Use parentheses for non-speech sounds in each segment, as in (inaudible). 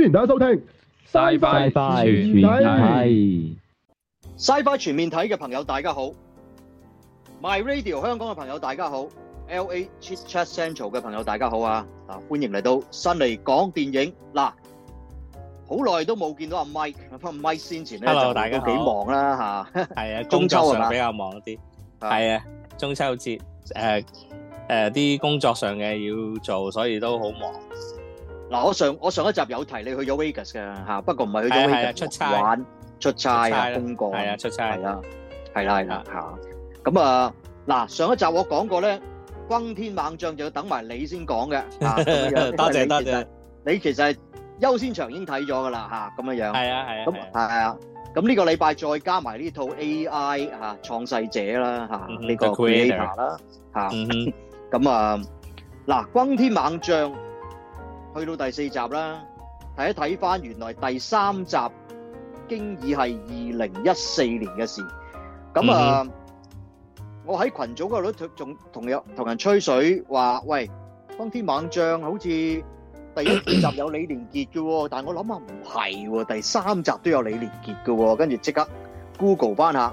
歡迎大家收聽，SciFi 全面睇，SciFi 全面睇嘅朋友大家好，My Radio 香港嘅朋友大家好，LA Chit Chat Central 嘅朋友大家好啊，嗱，歡迎嚟到辛尼講電影，嗱，好耐都冇見到阿 Mike，阿 Mike 先前，Hello，大家幾忙啦吓，係啊，工作上比較忙啲，係啊，中秋節，誒，誒，啲工作上嘅要做，所以都好忙。嗱，我上我上一集有提你去咗 Vegas 噶嚇，不過唔係去咗 Vegas 玩，出差啊，公幹，係啊，出差係啦，係啦係啦嚇。咁啊，嗱，上一集我講過咧，轟天猛將就要等埋你先講嘅嚇。多謝多謝，你其實優先場已經睇咗噶啦嚇，咁樣樣，係啊係啊，咁係啊，咁呢個禮拜再加埋呢套 AI 嚇創世者啦嚇，呢個 GPT 啦嚇，咁啊，嗱轟天猛將。去到第四集啦，睇一睇翻，原來第三集經已係二零一四年嘅事。咁啊，我喺羣組嗰度仲同有同人吹水，話喂，轟天猛將好似第一集有李連杰嘅，但係我諗下唔係喎，第三集都有李連杰嘅，跟住即刻 Google 翻下。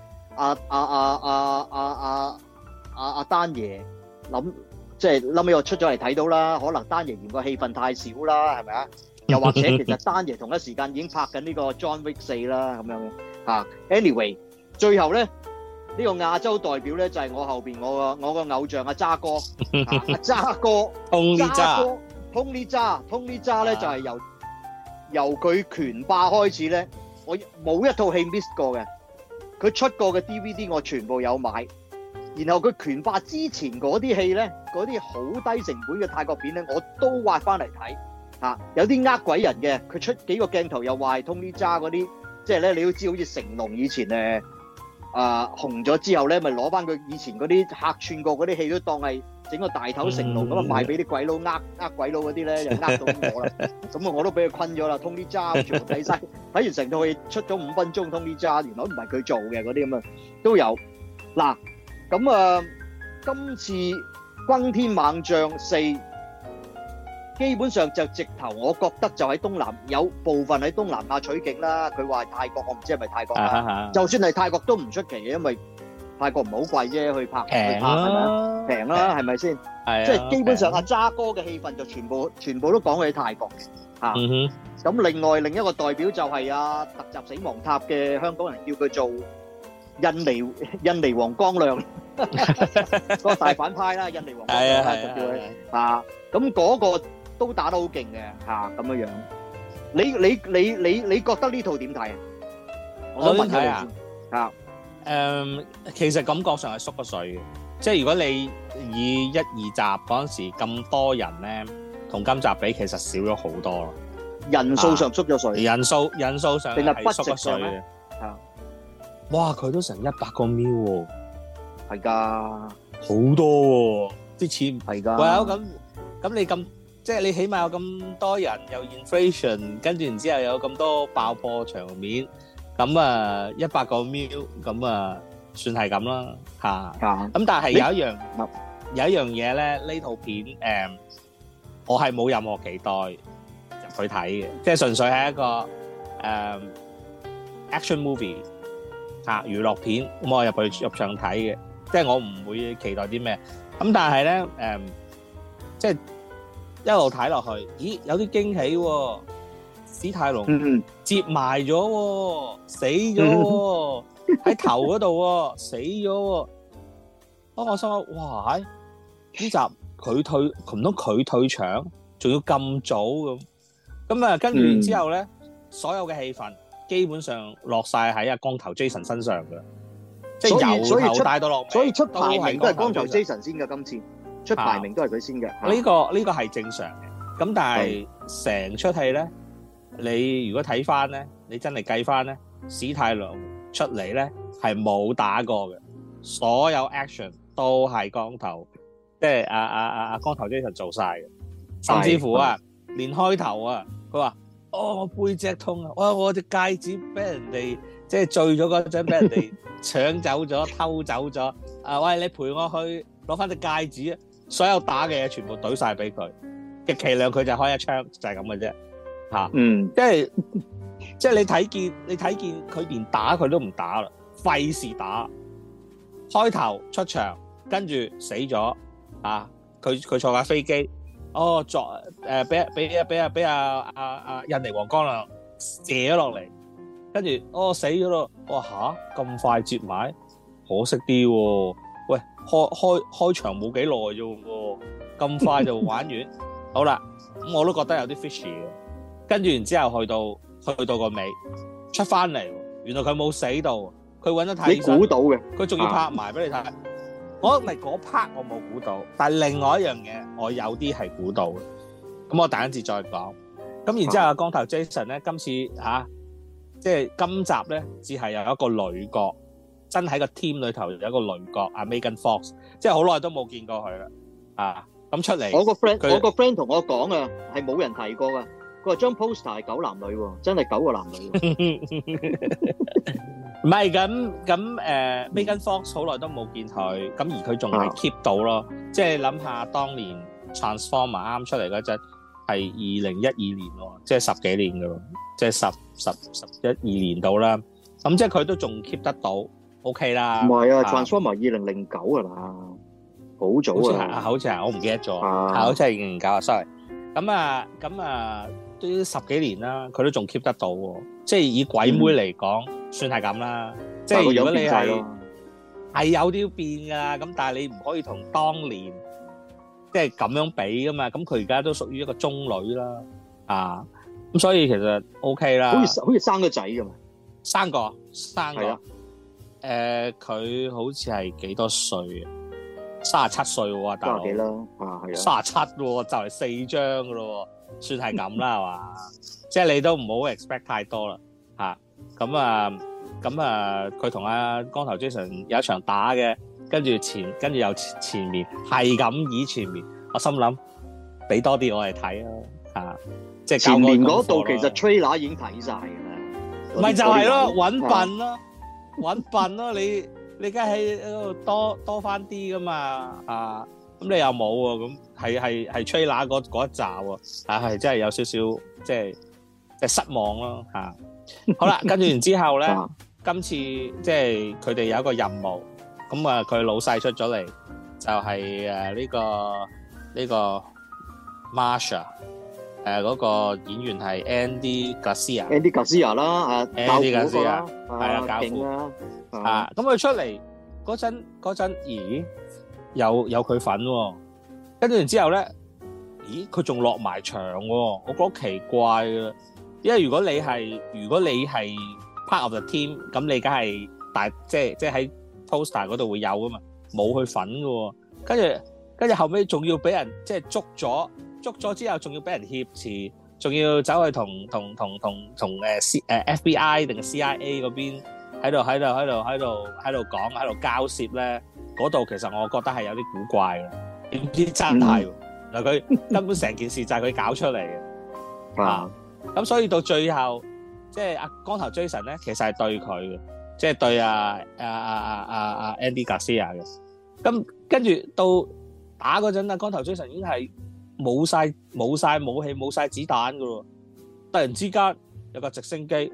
阿阿阿阿阿阿阿阿丹爺諗即係諗起我出咗嚟，睇到啦，可能丹爺嫌個戲份太少啦，係咪啊？又或者其實丹爺同一時間已經拍緊呢個 John Wick 四啦，咁樣嘅吓。Anyway，最後咧，呢個亞洲代表咧就係我後邊我個我個偶像阿渣哥、阿渣哥、Tony 渣、Tony 渣、Tony 渣咧就係由由佢拳霸開始咧，我冇一套戲 miss 過嘅。佢出過嘅 DVD 我全部有買，然後佢拳化之前嗰啲戲咧，嗰啲好低成本嘅泰國片咧，我都挖翻嚟睇嚇，有啲呃鬼人嘅，佢出幾個鏡頭又話 Tony Jaa 嗰啲，即係咧你都知道好似成龍以前誒啊、呃、紅咗之後咧，咪攞翻佢以前嗰啲客串過嗰啲戲都當係。整個大頭成龍咁啊，賣俾啲鬼佬呃呃鬼佬嗰啲咧，又呃到我啦。咁啊，我都俾佢困咗啦，Tony Jaa 全部睇晒，睇完成套戲出咗五分鐘，Tony Jaa，原來唔係佢做嘅嗰啲咁啊都有。嗱，咁啊，今次轟天猛將四基本上就直頭，我覺得就喺東南有部分喺東南亞取景啦。佢話係泰國，我唔知係咪泰國啦。就算係泰國都唔出奇嘅，因為，泰國唔好貴啫，去拍平啦，平啦，係咪先？係，即係基本上阿渣哥嘅戲份就全部全部都講佢喺泰國嘅嚇。咁另外另一個代表就係阿特集死亡塔嘅香港人叫佢做印尼印尼黃光亮嗰個大反派啦，印尼黃光亮。係啊，叫佢嚇咁嗰個都打得好勁嘅嚇咁樣樣。你你你你你覺得呢套點睇啊？我想問睇啊嚇。誒、um,，其實感覺上係縮咗水嘅，即係如果你以一二集嗰陣時咁多人咧，同今集比，其實少咗好多咯。人數上縮咗水，啊、人數人數上縮咗水，定係 budget 上？哇！佢都成一百個 million 喎，係噶，好多喎，啊，啲錢唔係噶。哇！咁咁你咁，即係你起碼有咁多人，又 inflation，跟住然之後有咁多爆破場面。咁啊，一百個秒，咁啊，算係咁啦，吓。咁但係有一樣，有一樣嘢咧，呢套片誒，我係冇任何期待入去睇嘅，即係純粹係一個誒 action movie，吓，娛樂片，咁我入去入場睇嘅，即係我唔會期待啲咩。咁但係咧，誒，即係一路睇落去，咦，有啲驚喜喎。史泰龍接埋咗，死咗喺頭嗰度，死咗。我心諗，哇！呢集佢退，唔通佢退場，仲要咁早咁？咁啊，跟住之後咧，所有嘅戲份基本上落晒喺阿光頭 Jason 身上噶啦，即係由頭帶到落尾。所以出排名都係光頭 Jason 先嘅今次，出排名都係佢先嘅。呢個呢個係正常嘅。咁但係成出戲咧。你如果睇翻咧，你真係計翻咧，史泰龍出嚟咧係冇打過嘅，所有 action 都係光頭，即係阿啊啊阿光頭 Jason 做晒嘅，甚至乎啊， (laughs) 連開頭啊，佢話：哦，我背脊痛啊哇， (laughs) 啊，我隻戒指俾人哋即係醉咗嗰陣俾人哋搶走咗、偷走咗，啊喂，你陪我去攞翻隻戒指啊！所有打嘅嘢全部懟晒俾佢，極其量佢就開一槍就係咁嘅啫。嚇、嗯，即係即係你睇見你睇見佢連打佢都唔打啦，費事打。開頭出場，跟住死咗啊！佢佢坐架飛機，哦，作誒俾俾啊俾啊俾啊啊啊印尼黃江啊射咗落嚟，跟住哦死咗咯。我、哦、吓，咁、啊、快接埋，可惜啲喎、哦。喂，開開開場冇幾耐啫喎，咁快就玩完 (laughs) 好啦。咁我都覺得有啲 fish 嘅。跟住然之後去到去到個尾出翻嚟，原來佢冇死到，佢搵咗睇。你估到嘅，佢仲要拍埋俾你睇、啊。我咪嗰 part 我冇估到，但係另外一樣嘢我有啲係估到。咁我等一陣再講。咁然之後，阿光頭 Jason 咧、啊，今次吓、啊、即係今集咧，只係有一個女角，真喺個 team 裏頭有一個女角，阿、啊、Megan Fox，即係好耐都冇見過佢啦。啊，咁出嚟。我個 friend，我個 friend 同我講啊，係冇人提過噶。佢話張 poster 係九男女喎，真係九個男女喎。唔係咁咁誒，Megan Fox 好耐都冇見佢，咁而佢仲係 keep 到咯。即係你諗下，當年 Transformer 啱出嚟嗰陣係二零一二年喎，即係十幾年噶咯，即係十十十一二年到啦。咁即係佢都仲 keep 得到，OK 啦。唔係啊，Transformer 二零零九係嘛？好早啊，啊好似係我唔記得咗，啊好似係二零零九啊，sorry。咁啊，咁啊。都十幾年啦，佢都仲 keep 得到喎。即係以鬼妹嚟講、嗯，算係咁啦。即係如果你係係有啲變噶，咁但係你唔可以同當年即係咁樣比噶嘛。咁佢而家都屬於一個中女啦，啊咁所以其實 OK 啦。好似好似生個仔噶嘛，生個生個。誒，佢、呃、好似係幾多歲啊？三十七歲喎，大佬。卅幾咯，啊係啊。卅七喎，就係四張噶咯。算係咁啦，係嘛？即係你都唔好 expect 太多啦，咁啊，咁啊，佢同阿光頭 Jason 有一場打嘅，跟住前，跟住又前，前面係咁以前面，我心諗俾多啲我嚟睇咯，即係前面嗰度其實 trailer 已經睇晒㗎啦，咪就係咯，揾笨咯，揾 (laughs) 笨咯，你你而家喺度多多翻啲㗎嘛，啊！咁你又冇喎，咁係係係吹喇嗰嗰一集喎，啊係真係有少少即係失望咯嚇。好啦，跟住完之後咧，今次即係佢哋有一個任務，咁啊佢老細出咗嚟，就係誒呢個呢個 Marsha，誒嗰個演員係 Andy Garcia，Andy Garcia 啦，啊 Andy Garcia，係啊教父，啊咁佢出嚟嗰陣嗰陣，咦？有有佢份，跟住然之後咧，咦，佢仲落埋場，我覺得奇怪嘅。因為如果你係如果你係 part of the team，咁你梗係大即即喺 poster 嗰度會有噶嘛，冇佢份嘅。跟住跟住後尾仲要俾人即係捉咗，捉咗之後仲要俾人挾持，仲要走去同同同同同誒 C 誒 FBI 定 CIA 嗰邊喺度喺度喺度喺度喺度講喺度交涉咧。嗰度其實我覺得係有啲古怪嘅，點知真係嗱佢根本成件事就係佢搞出嚟嘅啊！咁所以到最後，即係阿光頭 Jason 咧，其實係對佢嘅，即係對阿阿阿阿阿 Andy Garcia 嘅。咁跟住到打嗰陣啦，光頭 Jason 已經係冇曬冇曬武器、冇曬子彈嘅咯，突然之間有個直升機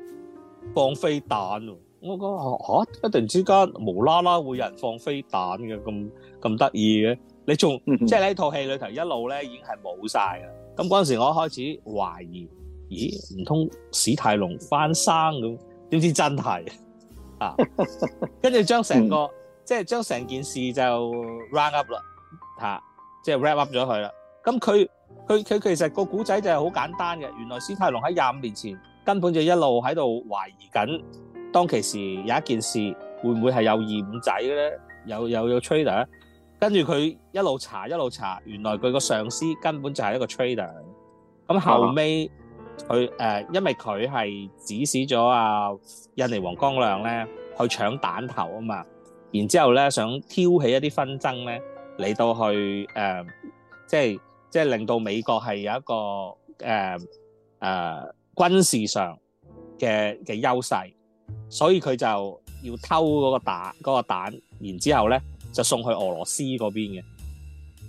放飛彈喎。我講吓、啊，突然之間無啦啦會有人放飛彈嘅，咁咁得意嘅？你仲 (laughs) 即係呢套戲裏頭一路咧已經係冇曬啦。咁嗰陣時我開始懷疑，咦，唔通史泰龍翻生咁？點知真係 (laughs) 啊？跟住將成個 (laughs) 即係將成件事就 round up 啦、啊、即係 wrap up 啦，吓，即係 wrap up 咗佢啦。咁佢佢佢其實個古仔就係好簡單嘅，原來史泰龍喺廿五年前根本就一路喺度懷疑緊。當其時有一件事，會唔會係有二五仔嘅咧？有有有 trader，跟住佢一路查一路查，原來佢個上司根本就係一個 trader。咁後尾，佢誒，因為佢係指使咗阿印尼黃光亮咧去搶彈頭啊嘛，然之後咧想挑起一啲紛爭咧嚟到去誒、呃，即係即係令到美國係有一個誒誒、呃呃、軍事上嘅嘅優勢。所以佢就要偷嗰個彈嗰個彈，然之後咧就送去俄羅斯嗰邊嘅。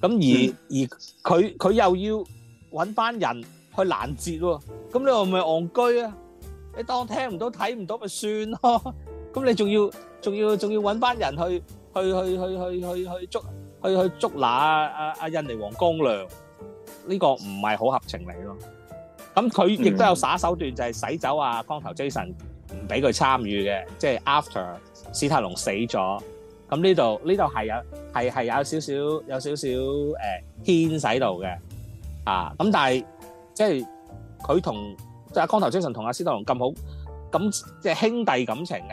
咁而而佢佢又要揾班人去攔截喎。咁你話咪戇居啊？你當聽唔到睇唔到咪算咯。咁你仲要仲要仲要揾班人去去去去去去去捉去去捉拿阿阿印尼王光亮呢個唔係好合情理咯。咁佢亦都有耍手段，就係洗走阿光頭 Jason。俾佢參與嘅，即係 After 史泰龍死咗，咁呢度呢度係有係係有少少有少少誒牽使度嘅，啊咁但係即係佢同即係阿光頭 Jason 同阿史泰龍咁好咁即係兄弟感情嘅，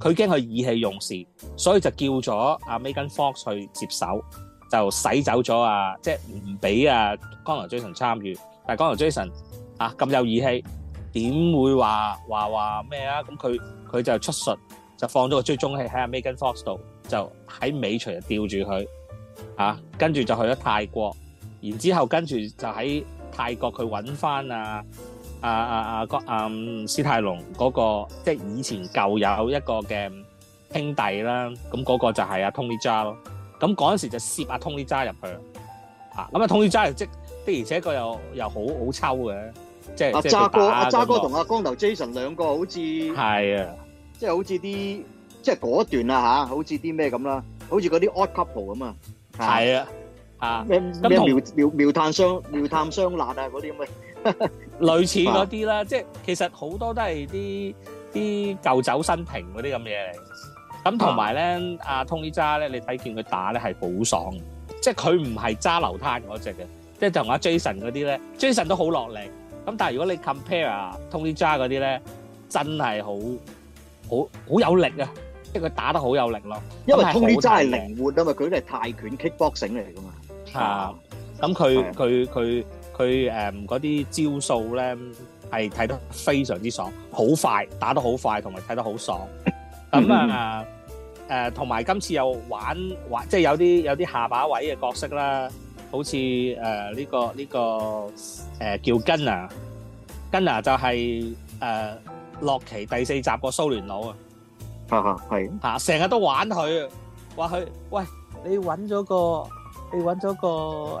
佢驚佢意氣用事，所以就叫咗阿 Megan Fox 去接手，就洗走咗啊，即係唔俾阿光頭 Jason 參與，但係光頭 Jason 啊咁有義氣。點會話話話咩啊？咁佢佢就出術就放咗個追蹤器喺阿 Megan Fox 度，就喺尾隨吊住佢啊！跟住就去咗泰國，然之後跟住就喺泰國佢揾翻啊啊啊啊個史泰龍嗰、那個即係、就是、以前舊友一個嘅兄弟啦。咁、那、嗰個就係阿 Tony Jaa 咯。咁嗰陣時就攝阿 Tony Jaa 入去啊。咁、嗯、阿、啊嗯啊啊、Tony Jaa 即的而且佢又又，又好好抽嘅。阿、啊啊那個啊、渣哥、阿渣哥同阿光頭 Jason 兩個好似，係啊，即係好似啲即係果斷啊嚇，好似啲咩咁啦，好似嗰啲 Odd Couple 咁啊，係啊，嚇咩咩苗苗苗炭雙苗炭辣啊嗰啲咁嘅， (laughs) 類似嗰啲啦，即係其實好多都係啲啲舊酒新瓶嗰啲咁嘢嚟。咁同埋咧，阿、啊、Tony、啊、渣咧，你睇見佢打咧係好爽，即係佢唔係揸流灘嗰隻嘅，即係同阿 Jason 嗰啲咧，Jason 都好落力。咁但係如果你 compare Tony Jaa 嗰啲咧，真係好好好有力啊！即係佢打得好有力咯。因為 Tony Jaa 係靈活啊嘛，佢都係泰拳 kickboxing 嚟噶嘛。啊，咁佢佢佢佢誒嗰啲招數咧係睇得非常之爽，好快打得好快，同埋睇得好爽。咁 (laughs) 嗯、啊同埋今次又玩玩，即、就、係、是、有啲有啲下巴位嘅角色啦。好似誒呢個呢個誒叫根拿，根拿就係誒洛奇第四集個蘇聯佬啊，吓，吓係吓，成日都玩佢，話佢喂，你搵咗個你搵咗個誒誒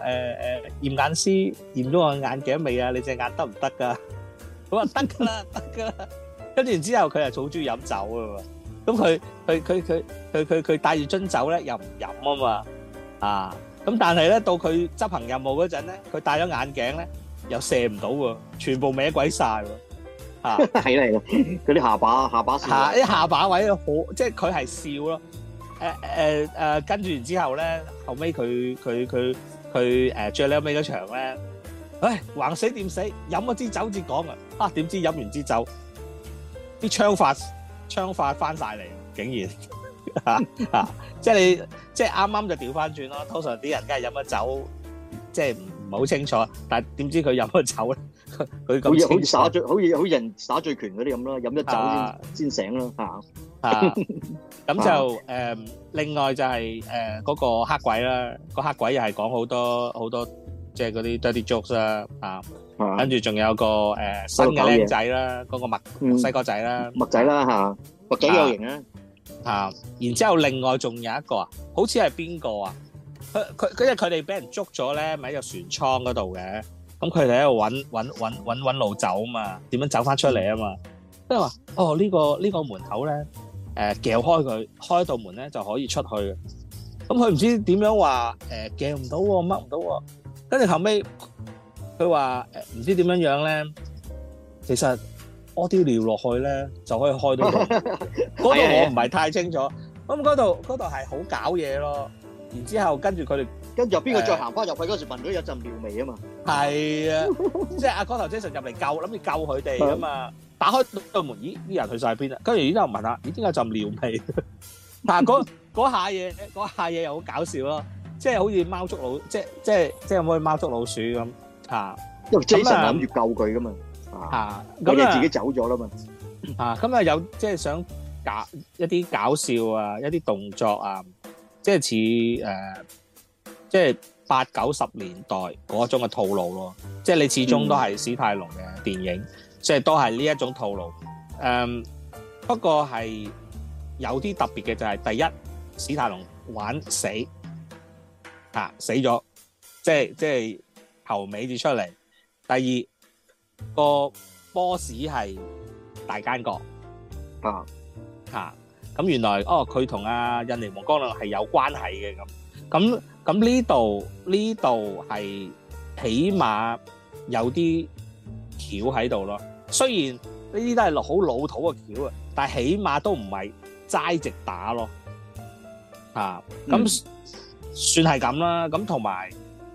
驗眼師，驗咗我眼鏡未啊？你隻眼得唔得噶？佢話得噶啦，得噶啦。跟住然之後佢又好中意飲酒啊，咁佢佢佢佢佢佢佢帶住樽酒咧又唔飲啊嘛啊！咁但係咧，到佢執行任務嗰陣咧，佢戴咗眼鏡咧，又射唔到喎，全部歪鬼曬喎，嚇係啦，嗰啲下巴下巴，嚇啲下巴位好，即係佢係笑咯，誒誒誒，跟住然之後咧，後尾佢佢佢佢誒最屘尾嗰場咧，唉橫死掂死，飲咗支酒先講啊，啊點知飲完支酒，啲槍法槍法翻曬嚟，竟然。吓吓，即係你即係啱啱就調翻轉咯。通常啲人梗係飲咗酒，即係唔唔係好清楚。但係點知佢飲咗酒咧？佢好似好似耍醉，好似好似人耍醉拳嗰啲咁啦。飲咗酒先先醒啦，吓吓。咁就誒，另外就係誒嗰個黑鬼啦，個黑鬼又係講好多好多，即係嗰啲 dirty jokes 啦。啊，跟住仲有個誒新嘅僆仔啦，嗰個墨西哥仔啦，墨仔啦，吓墨仔有型啊！啊！然之後另外仲有一個啊，好似係邊個啊？佢佢嗰日佢哋俾人捉咗咧，咪喺個船艙嗰度嘅。咁佢哋喺度揾揾揾揾揾路走嘛？點樣走翻出嚟啊？嘛，即係話哦呢個呢個門口咧，誒撬開佢開到門咧就可以出去。咁佢唔知點樣話誒撬唔到，掹唔到。跟住後尾佢話誒唔知點樣樣咧，其實。屙啲尿落去咧，就可以開到到。嗰度我唔係太清楚。咁嗰度嗰度係好搞嘢咯。然之後跟住佢哋，跟住邊個再行翻入去嗰時聞到有陣尿味啊嘛。係啊，即係阿哥頭 Jason 入嚟救，諗住救佢哋啊嘛。打開個門，咦？啲人去曬邊啊？跟住然之後問下，咦？點解有陣尿味？嗱，嗰嗰下嘢，嗰下嘢又好搞笑咯。即係好似貓捉老，即係即係即係有冇可以貓捉老鼠咁嚇。因為 Jason 諗住救佢噶嘛。啊咁你自己走咗啦嘛！啊咁啊，有即係想搞一啲搞笑啊，一啲動作啊，即係似誒、呃，即係八九十年代嗰種嘅套路咯。即係你始終都係史泰龍嘅電影，即、嗯、係都係呢一種套路。誒、嗯，不過係有啲特別嘅就係，第一史泰龍玩死，啊死咗，即係即係後尾至出嚟。第二。那個 boss 係大間角啊，吓，咁、啊、原來哦佢同阿印尼王光亮係有關係嘅咁，咁咁呢度呢度係起碼有啲橋喺度咯。雖然呢啲都係好老土嘅橋啊，但係起碼都唔係齋直打咯啊。咁、嗯、算係咁啦。咁同埋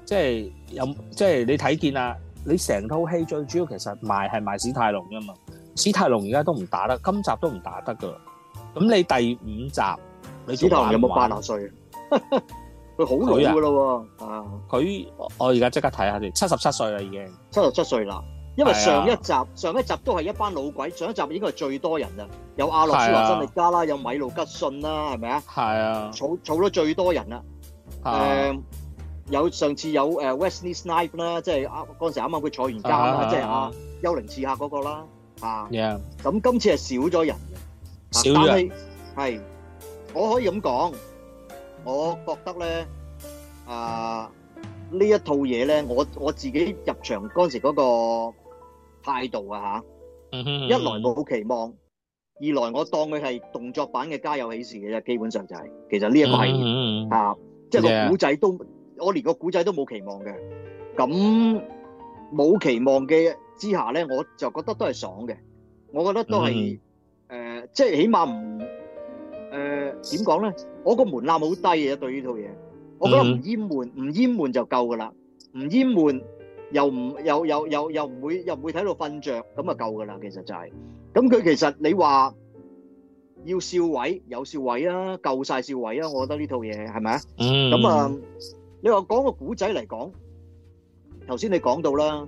即係有即係、即係即係、你睇見啊。你成套戲最主要其實賣係賣史泰龍㗎嘛，史泰龍而家都唔打得，今集都唔打得噶。咁你第五集，史泰龍有冇八十歲？佢好老㗎咯喎！啊，佢我而家即刻睇下你，七十七歲啦已經。七十七歲啦，因為上一集上一集都係一班老鬼，上一集應該係最多人啊，有阿諾舒華辛力加啦，有米路吉信啦，係咪啊？係啊，儲儲到最多人啦。誒。有上次有誒 Wesley Snipes 啦，即係啱嗰陣時啱啱佢坐完監啦，即係啊幽靈刺客嗰個啦嚇，咁今次係少咗人嘅，少人但係係我可以咁講，我覺得咧啊呢一套嘢咧，我我自己入場嗰陣時嗰個態度啊嚇，一來冇好期望，二來我當佢係動作版嘅家有喜事嘅啫，基本上就係其實呢一個係啊，即係個古仔都。我連個古仔都冇期望嘅，咁冇期望嘅之下咧，我就覺得都係爽嘅。我覺得都係誒，即係起碼唔誒點講咧？我個門檻好低嘅對呢套嘢，我覺得唔厭悶，唔厭悶就夠噶啦。唔厭悶又唔又又又又唔會又唔會睇到瞓著，咁啊夠噶啦。其實就係咁，佢其實你話要笑位有笑位啊，夠曬笑位啊！我覺得呢套嘢係咪啊？咁啊～你話講個古仔嚟講，頭先你講到啦，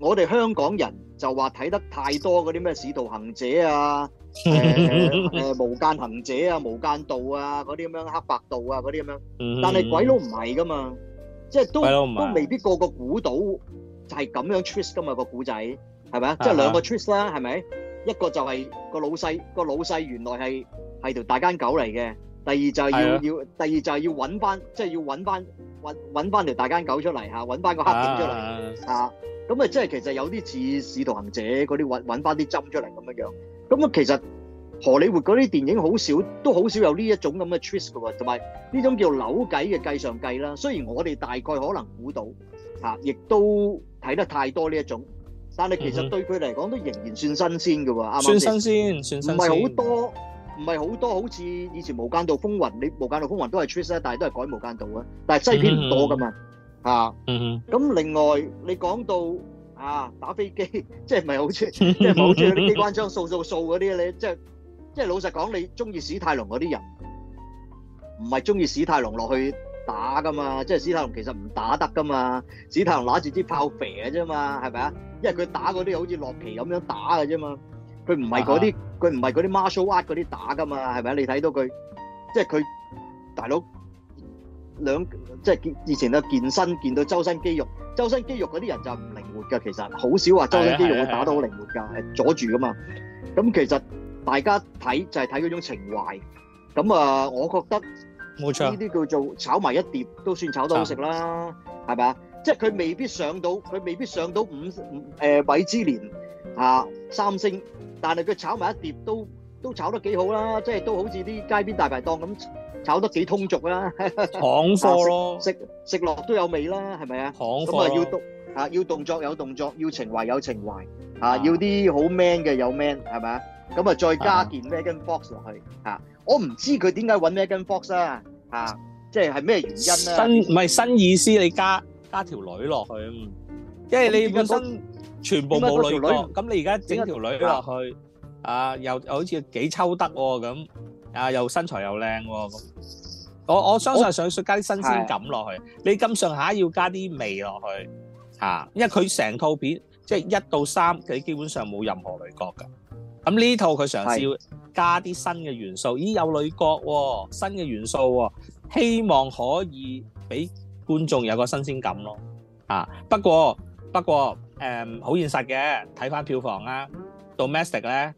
我哋香港人就話睇得太多嗰啲咩使徒行者啊，誒誒無間行者啊，無間道啊，嗰啲咁樣黑白道啊，嗰啲咁樣。但係鬼佬唔係噶嘛，即係都都未必個個估到就係咁樣 twist 噶嘛個古仔，係咪啊？即係兩個 twist 啦，係咪？一個就係個老細，個老細原來係係條大間狗嚟嘅。第二就係要要，哎，第二就係要揾翻，即係要揾翻揾揾翻條大間狗出嚟嚇，揾翻個黑點出嚟嚇。咁啊，即係，啊，其實有啲似《使徒行者》嗰啲揾揾翻啲針出嚟咁樣樣。咁啊，其實荷里活嗰啲電影好少，都好少有呢一種咁嘅 trick 嘅喎，同埋呢種叫扭計嘅計上計啦。雖然我哋大概可能估到嚇，亦都睇得太多呢一種，但係其實對佢嚟講都仍然算新鮮嘅喎，啱唔啱先？算新鮮，算新鮮，唔係好多。唔係好多，好似以前《無間道》《風雲》，你《無間道》《風雲》都係出曬，但係都係改《無間道》啊。但係西片唔多噶嘛，嚇。嗯哼。咁另外你講到啊打飛機，即係唔係好似即係好似啲機關槍掃掃掃嗰啲咧？你即係即係老實講，你中意史泰龍嗰啲人，唔係中意史泰龍落去打噶嘛？即係史泰龍其實唔打得噶嘛，史泰龍攞住支炮肥嘅啫嘛，係咪啊？因為佢打嗰啲又好似洛奇咁樣打嘅啫嘛。佢唔係嗰啲，佢唔係嗰啲 martial arts 嗰啲打噶嘛，係咪啊？你睇到佢，即係佢大佬兩，即係健以前咧健身，見到周身肌肉，周身肌肉嗰啲人就唔靈活噶，其實好少話周身肌肉會打得好靈活噶，係阻住噶嘛。咁其實大家睇就係睇嗰種情懷。咁啊，我覺得冇錯，呢啲叫做炒埋一碟都算炒得好食啦，係咪啊？即係佢未必上到，佢未必上到五五，誒，米芝蓮。啊！三星，但係佢炒埋一碟都都炒得幾好啦，即係都好似啲街邊大排檔咁炒得幾通俗啦，行貨咯，食食落都有味啦，係咪啊？行貨咁啊要動啊要動作有動作，要情懷有情懷啊要啲好 man 嘅有 man 係咪啊？咁啊再加件 Megan Fox 落去啊！我唔知佢點解揾 Megan Fox 啊！啊，即係係咩原因咧？新唔係新意思，你加加條女落去，因為你本身。全部冇女角，咁你而家整條女落去，啊又又好似幾抽得喎咁，啊又身材又靚喎咁，我我相信係想加啲新鮮感落去，你咁上下要加啲味落去，嚇，因為佢成套片即係一到三，佢基本上冇任何女角嘅，咁呢套佢嘗試加啲新嘅元素，咦有女角喎，新嘅元素喎，希望可以俾觀眾有個新鮮感咯，啊不過不過。誒、嗯、好現實嘅，睇翻票房啦。domestic 咧，誒、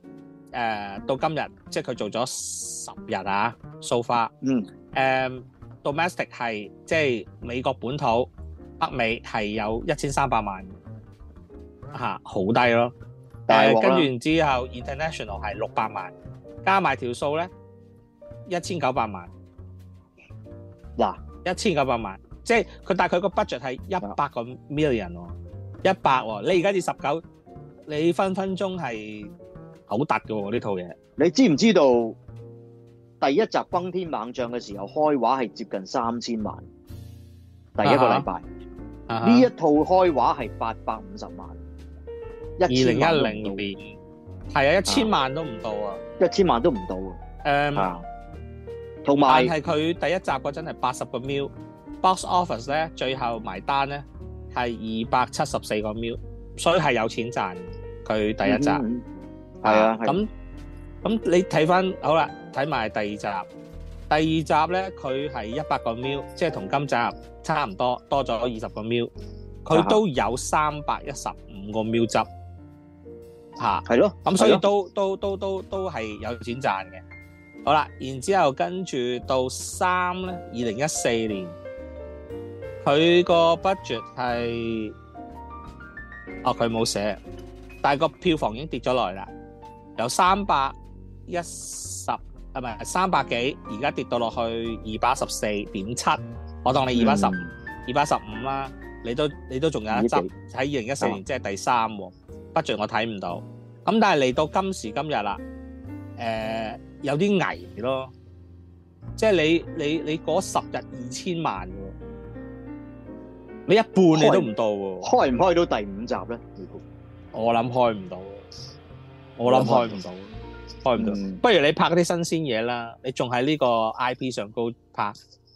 呃、到今日即係佢做咗十日啊、so far 嗯。誒、嗯、domestic 係即係美國本土北美係有一千三百萬吓，好、啊、低咯。但跟住之後 international 係六百萬，加埋條數咧一千九百萬。嗱、啊，一千九百萬，即係佢大概佢個 budget 係一百個 million 喎、啊。一百喎，你而家至十九，你分分鐘係好突嘅呢套嘢。你知唔知道第一集轟天猛將嘅時候開畫係接近三千萬，第一個禮拜呢一套開畫係八百五十萬，二零一零年係啊，一千萬都唔到，、uh -huh. 到啊，一、uh、千 -huh. 萬都唔到啊。同、uh、埋 -huh. uh -huh. 但係佢第一集嗰陣係八十個 mill、uh -huh.，box office 咧最後埋單咧。係二百七十四個 mil 所以係有錢賺。佢第一集係、嗯嗯嗯、啊，咁咁、啊、你睇翻好啦，睇埋第二集。第二集呢，佢係一百個 mil 即係同今集差唔多，多咗二十個 mil 佢都有三百一十五個 mil 執，吓係咯。咁、啊啊、所以都係、啊、都都都都係有錢賺嘅。好啦，然之後跟住到三呢，二零一四年。佢個 budget 係，哦，佢冇寫，但係個票房已經跌咗落嚟啦，由三百一十啊，唔係三百幾，而家跌到落去二百十四點七，我當你二百十五，二百十五啦，你都你都仲有一執。喺二零一四年即係第三 budget 我睇唔到，咁但係嚟到今時今日啦，誒、呃、有啲危咯，即係你你你嗰十日二千萬。你一半你都唔到，開唔開到第五集咧？我諗開唔到，我諗開唔到，開唔到。不如你拍嗰啲新鮮嘢啦。你仲喺呢個 I P 上高拍，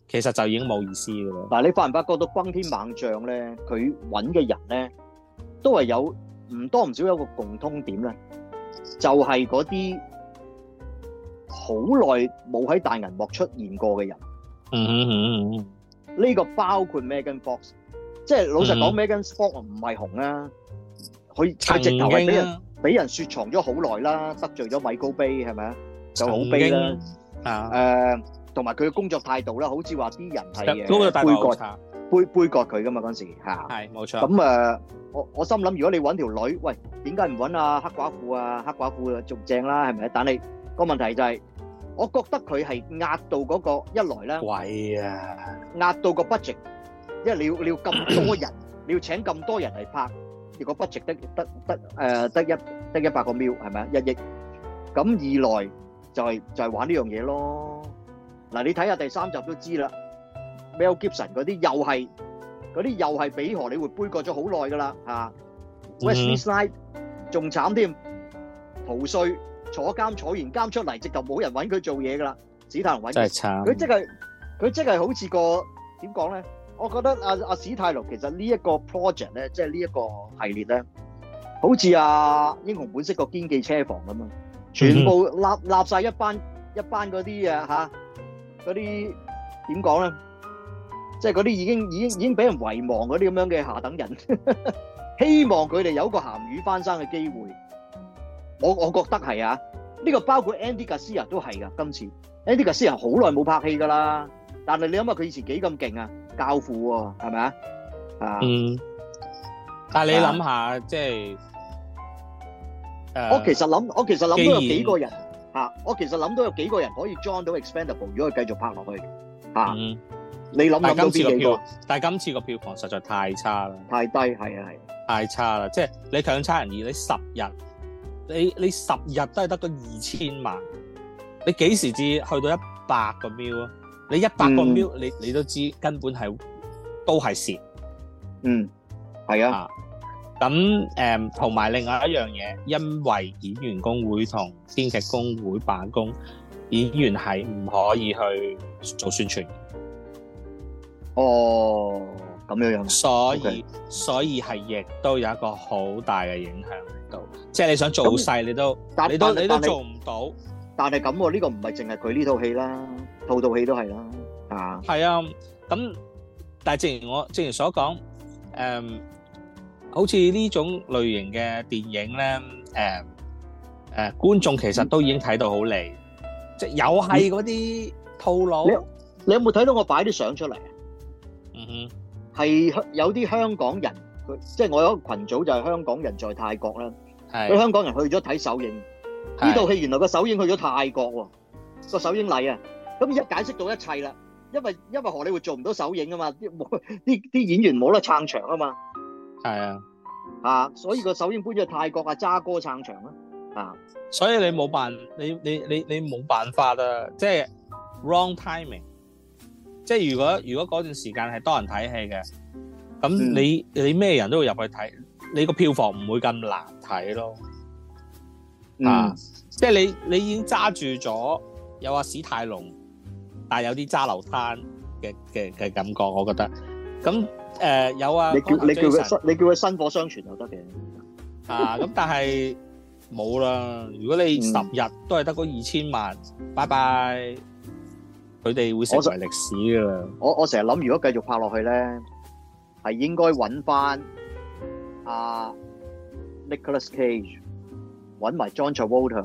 其實就已經冇意思嘅啦。但係你發唔發覺到轟天猛將咧，佢搵嘅人咧都係有唔多唔少，有一個共通點咧，就係嗰啲好耐冇喺大銀幕出現過嘅人。嗯嗯嗯，呢個包括 Megan Fox。即係老實講，Megan Fox 唔係紅啊，佢佢直頭係俾人俾人雪藏咗好耐啦，得罪咗米高貝係咪啊？就好悲啦啊，誒，同埋佢嘅工作態度啦，好似話啲人係高個杯葛杯杯葛佢噶嘛，嗰陣時吓係冇錯。咁誒，我我心諗如果你搵條女，喂，點解唔搵阿黑寡婦啊？黑寡婦啊，仲正啦，係咪啊？但係個問題就係，我覺得佢係壓到嗰個一來咧，貴啊，壓到個 budget。因為你要你要咁多人，你要請咁多人嚟拍。如果 budget 得得得誒得一得一百個 million，係咪啊，一億？咁二來就係就係玩呢樣嘢咯。嗱你睇下第三集都知啦，Mel Gibson 嗰啲又係嗰啲又係俾荷里活杯葛咗好耐㗎啦嚇。Wesley Snipes 仲慘添，逃稅坐監坐完監出嚟，直頭冇人揾佢做嘢㗎啦。史泰龍揾佢即係佢即係好似個點講咧？我覺得阿阿史泰龍其實呢一個 project 咧，即係呢一個系列咧，好似阿英雄本色個堅記車房咁樣，全部立立晒一班一班嗰啲嘢吓，嗰啲點講咧，即係嗰啲已經已經已經俾人遺忘嗰啲咁樣嘅下等人，希望佢哋有個鹹魚翻身嘅機會。我我覺得係啊，呢個包括 Andy Garcia 都係噶，今次 Andy Garcia 好耐冇拍戲噶啦。但係你諗下，佢以前幾咁勁啊，教父喎，係咪啊？啊，但係你諗下，即係我其實諗，我其實諗到有幾個人吓，我其實諗到有幾個人可以 join 到 Expendables，如果佢繼續拍落去吓，你諗諗到邊幾個？但係今次個票房實在太差啦，太低係啊係，太差啦。即係你強差人意，你十日你你十日都係得個二千萬，你幾時至去到一百個 million 咯？你一百個秒、嗯，你你都知根本係都係蝕。嗯，係啊。咁誒，同、嗯、埋另外一樣嘢，因為演員工會同編劇工會罷工，演員係唔可以去做宣傳。哦，咁樣樣。所以，okay. 所以係亦都有一個好大嘅影響喺度。即、就、係、是、你想做細，你都你都你都做唔到但是。但係咁喎，呢、這個唔係淨係佢呢套戲啦。套套戲都係啦，係啊，咁但係，正如我正如所講，誒，好似呢種類型嘅電影咧，誒誒，觀眾其實都已經睇到好膩，即係又係嗰啲套路。你有冇睇到我擺啲相出嚟啊？嗯哼，係有啲香港人，即係我有一個群組就係香港人在泰國啦。係，佢香港人去咗睇首映，呢套戲原來個首映去咗泰國喎，個首映禮啊！咁一解釋到一切啦，因為因為荷里活做唔到首映啊嘛，啲啲啲演員冇得撐場啊嘛，係啊，啊，所以個首映搬咗去泰國啊，渣哥撐場啦，啊，所以你冇辦，你你你你冇辦法啊，即係 wrong timing，即係如果如果嗰段時間係多人睇戲嘅，咁你、嗯、你咩人都會入去睇，你個票房唔會咁難睇咯，啊，嗯、即係你你已經揸住咗，有阿史泰龍。但係有啲揸流攤嘅嘅嘅感覺，我覺得。咁誒有啊，你叫你叫佢新，你叫佢薪火相傳就得嘅。啊，咁但係冇啦。如果你十日都係得嗰二千萬，拜拜。佢哋會成為歷史㗎啦。我我成日諗，如果繼續拍落去咧，係應該揾翻阿 Nicholas Cage，揾埋 John Travolta，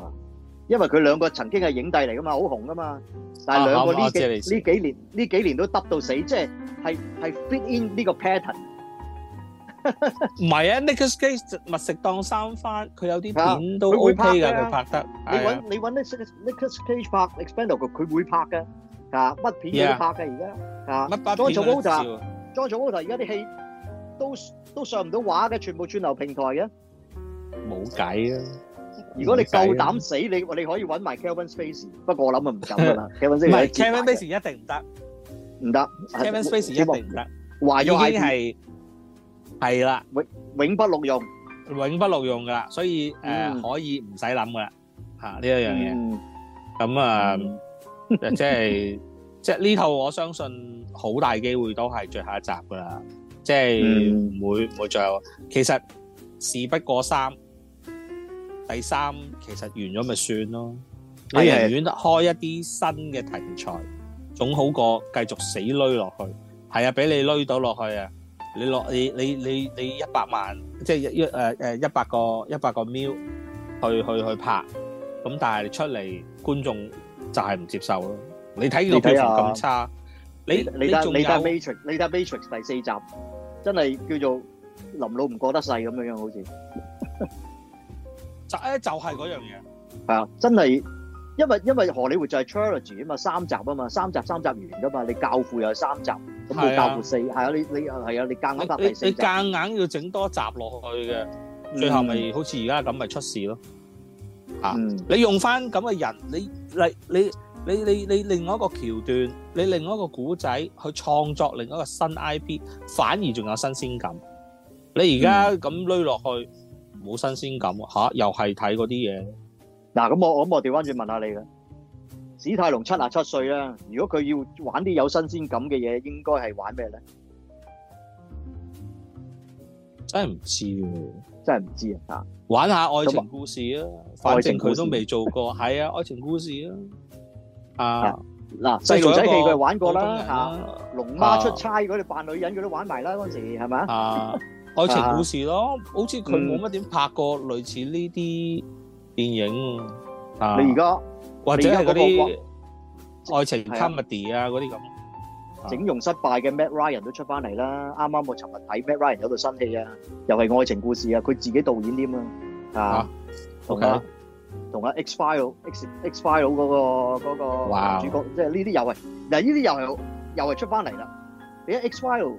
因為佢兩個曾經係影帝嚟㗎嘛，好紅㗎嘛。但係兩個呢幾呢幾年呢幾年都耷到死，即係係係 fit in 呢個 pattern。唔係啊，Nicholas Cage 密食當三番，佢有啲片都 OK 㗎，佢拍得。你揾你揾 Nicholas Nicholas Cage 拍《Expendables》，佢會拍㗎，啊，乜片都拍㗎而家。啊，John Travolta，John Travolta 而家啲戲都都上唔到畫嘅，全部串流平台嘅。冇計啊！如果你夠膽死，你你可以揾埋 Kelvin Space。不過我諗啊，唔敢噶啦。Kelvin Space 唔係 Kelvin Space 一定唔得，唔得。Kelvin Space 一定唔得。話已經係係啦，永永不錄用，永不錄用噶啦。所以誒，可以唔使諗噶啦嚇呢一樣嘢。咁啊，即係即係呢套，我相信好大機會都係最後一集噶啦。即係唔會唔會再有。其實事不過三。第三其實完咗咪算咯，寧願開一啲新嘅題材，總好過繼續死攣落去。係啊，俾你攣到落去啊！你落你你你你一百萬，即係一誒誒、呃、一百個一百個秒去去去拍，咁但係出嚟觀眾就係唔接受咯。你睇佢票房咁差，你睇睇你你你架 Matrix 你架 Matrix 第四集真係叫做林老唔過得世咁樣樣好似。就咧就係嗰樣嘢，係啊，真係，因為因為荷里活就係 trilogy 啊嘛，三集啊嘛，三集三集完噶嘛，你教父又係三集，咁你教父四，係啊，你你係啊，你夾硬拍第四集，你夾硬要整多集落去嘅，最後咪好似而家咁咪出事咯，啊，你用翻咁嘅人，你例你你你你另外一個橋段，你另外一個古仔去創作另外一個新 IP，反而仲有新鮮感，你而家咁捋落去。冇新鮮感，吓、啊、又係睇嗰啲嘢。嗱、啊，咁我我我調翻轉問下你嘅，史泰龍七十七歲啦，如果佢要玩啲有新鮮感嘅嘢，應該係玩咩咧？真係唔知嘅，真係唔知啊！吓，玩下愛情故事啊，反正佢都未做過，係 (laughs) 啊，愛情故事啊。啊，嗱、啊，細路仔戲佢玩過啦，龍媽出差嗰啲扮女人，佢都玩埋啦，嗰陣時係咪？啊。愛情故事咯，好似佢冇乜點拍過類似呢啲電影。你而家或者係嗰啲愛情 comedy 啊嗰啲咁。整容失敗嘅 Meg Ryan 都出翻嚟啦。啱啱我尋日睇 Meg Ryan 有部新戲啊，又係愛情故事啊，佢自己導演添啊。OK，同啊同啊 X File X X File 嗰個嗰個主角，即係呢啲又係嗱呢啲又係又係出翻嚟啦。你睇 X File。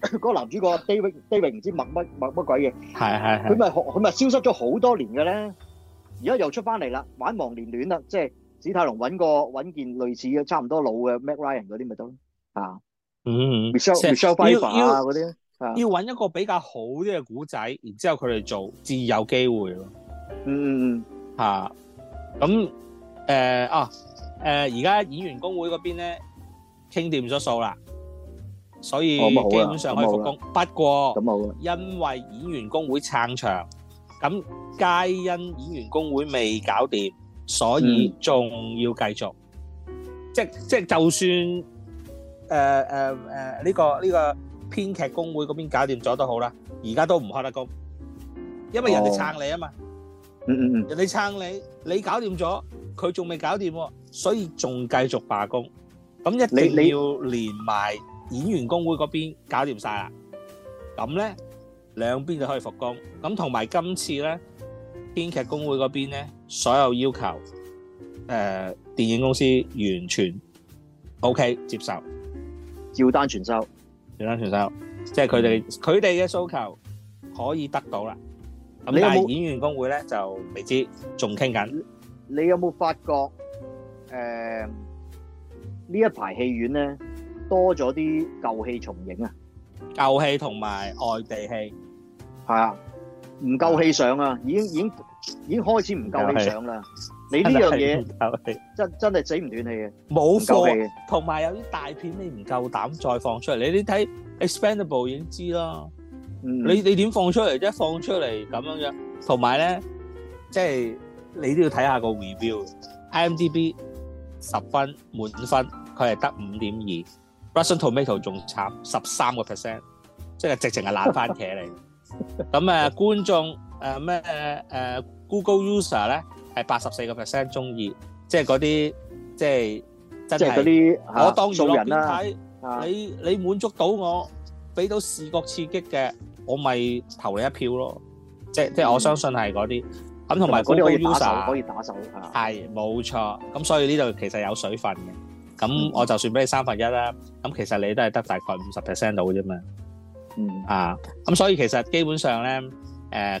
嗰個 (laughs) 男主角 David，David 唔 David 知麥乜麥乜鬼嘢，係係佢咪佢咪消失咗好多年嘅咧，而家又出翻嚟啦，玩忘年戀啦，即係史泰龍揾個揾件類似嘅差唔多老嘅 Mac Ryan 嗰啲咪得咯嚇，嗯 Michelle Michelle Pfeiffer 啊啲要揾 (laughs) 一個比較好啲嘅古仔，然之後佢哋做自有機會咯，嗯嗯嗯嚇，咁誒啊誒，而家演員工會嗰邊咧傾掂咗數啦。所以基本上可以復工，不過因為演員工會撐場，咁皆因演員工會未搞掂，所以仲要繼續。即即就算誒誒誒呢個呢個編劇工會嗰邊搞掂咗都好啦，而家都唔開得工，因為人哋撐你啊嘛。嗯嗯嗯，人哋撐你，你搞掂咗，佢仲未搞掂，所以仲繼續罷工。咁一定要連埋。演員工會嗰邊搞掂晒啦，咁咧兩邊就可以復工。咁同埋今次咧編劇工會嗰邊咧，所有要求，誒，電影公司完全 OK 接受，照單全收，照單全收。即係佢哋佢哋嘅訴求可以得到啦。咁但係演員工會咧就未知仲傾緊。你有冇發覺誒呢一排戲院咧？多咗啲舊戲重影啊！舊戲同埋外地戲係啊，唔夠戲上啊，已經已經已經開始唔夠戲上啦。你呢樣嘢真真係死唔斷氣啊，冇錯，同埋有啲大片你唔夠膽再放出嚟。你睇《Expendables》已經知咯，嗯，你你點放出嚟啫？放出嚟咁樣樣，同埋咧，即係你都要睇下個 review。IMDB 十分滿分，佢係得五點二。Russian tomato 仲慘十三個 percent，即係直情係爛番茄嚟。咁啊，觀眾誒咩誒 Google user 咧，係八十四個 percent 中意，即係嗰啲即係真係我當做人，你你滿足到我，俾到視覺刺激嘅，我咪投你一票咯。即即係我相信係嗰啲咁，同埋嗰啲 Google user 可以打手，係冇錯。咁所以呢度其實有水分嘅。咁我就算俾你三分一啦，咁其實你都係得大概五十 percent 到啫嘛。嗯。啊，咁所以其實基本上咧，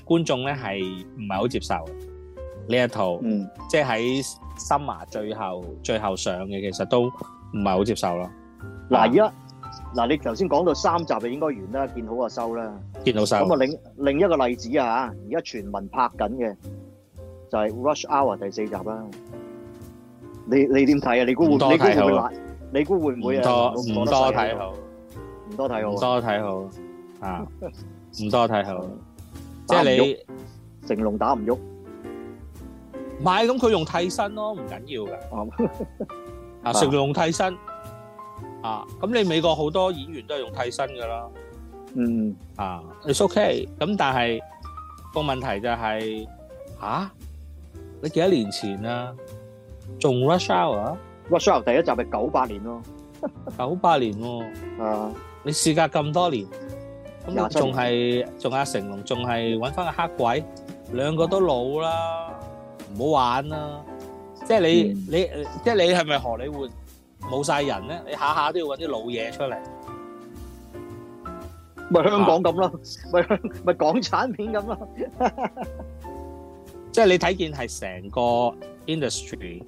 誒觀眾咧係唔係好接受呢一套？嗯。即係喺森華最後最後上嘅，其實都唔係好接受咯。嗱而家嗱你頭先講到三集就應該完啦，見好就收啦。見好收。咁啊，另另一個例子啊嚇，而家全民拍緊嘅就係《Rush Hour》第四集啦。你你點睇啊？你估會？睇好你估會唔會？你估會唔會啊？多唔多睇好，唔多睇好，多睇好啊！唔多睇好，即 (laughs) 係你成龍打唔喐？唔係，咁佢用替身咯，唔緊要噶。啊，成龍替身啊！咁你美國好多演員都係用替身噶啦。嗯啊，okay、就是，啊，你 OK。咁但係個問題就係，吓你幾多年前啊？仲 rush hour，rush hour 第一集咪九八年咯，九八年喎，係啊，你事隔咁多年，咁仲係仲阿成龍，仲係揾翻個黑鬼，兩個都老啦，唔好玩啦，即係你你即係你係咪荷里活冇晒人咧？你下下都要揾啲老嘢出嚟，咪香港咁咯，咪咪港產片咁咯。即係你睇見係成個 industry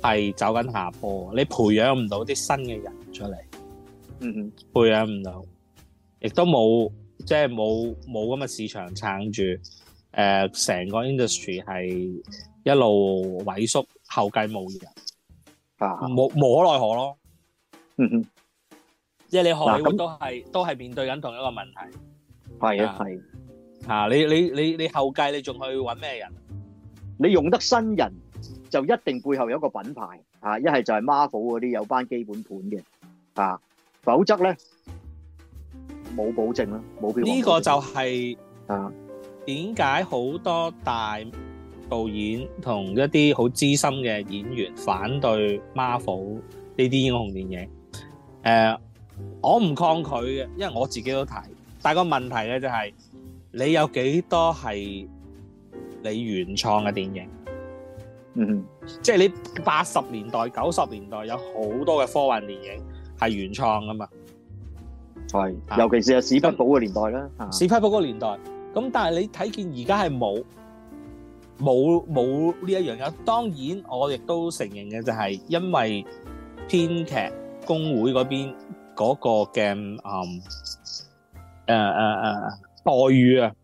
係走緊下坡，你培養唔到啲新嘅人出嚟，嗯嗯，培養唔到，亦都冇即係冇冇咁嘅市場撐住，誒、呃，成個 industry 係一路萎縮，後繼冇人，啊，無無可奈何咯，嗯嗯，即係你行業都係、啊、都係面對緊同一個問題，係啊係，吓你你你你後繼你仲去搵咩人？你用得新人就一定背後有一個品牌，啊，一係就係 Marvel 嗰啲有班基本盤嘅，啊，否則咧冇保證啦，冇呢個就係啊，點解好多大導演同一啲好資深嘅演員反對 Marvel 呢啲英雄電影？誒，我唔抗拒嘅，因為我自己都睇，但個問題咧就係你有幾多係？你原創嘅電影，嗯，即係你八十年代、九十年代有好多嘅科幻電影係原創噶嘛，係，尤其是阿史匹堡嘅年代啦，史匹堡嗰個年代，咁、啊啊、但係你睇見而家係冇，冇冇呢一樣嘢。當然，我亦都承認嘅就係因為編劇工會嗰邊嗰個嘅、嗯，誒誒誒，待、呃、遇、呃呃、啊。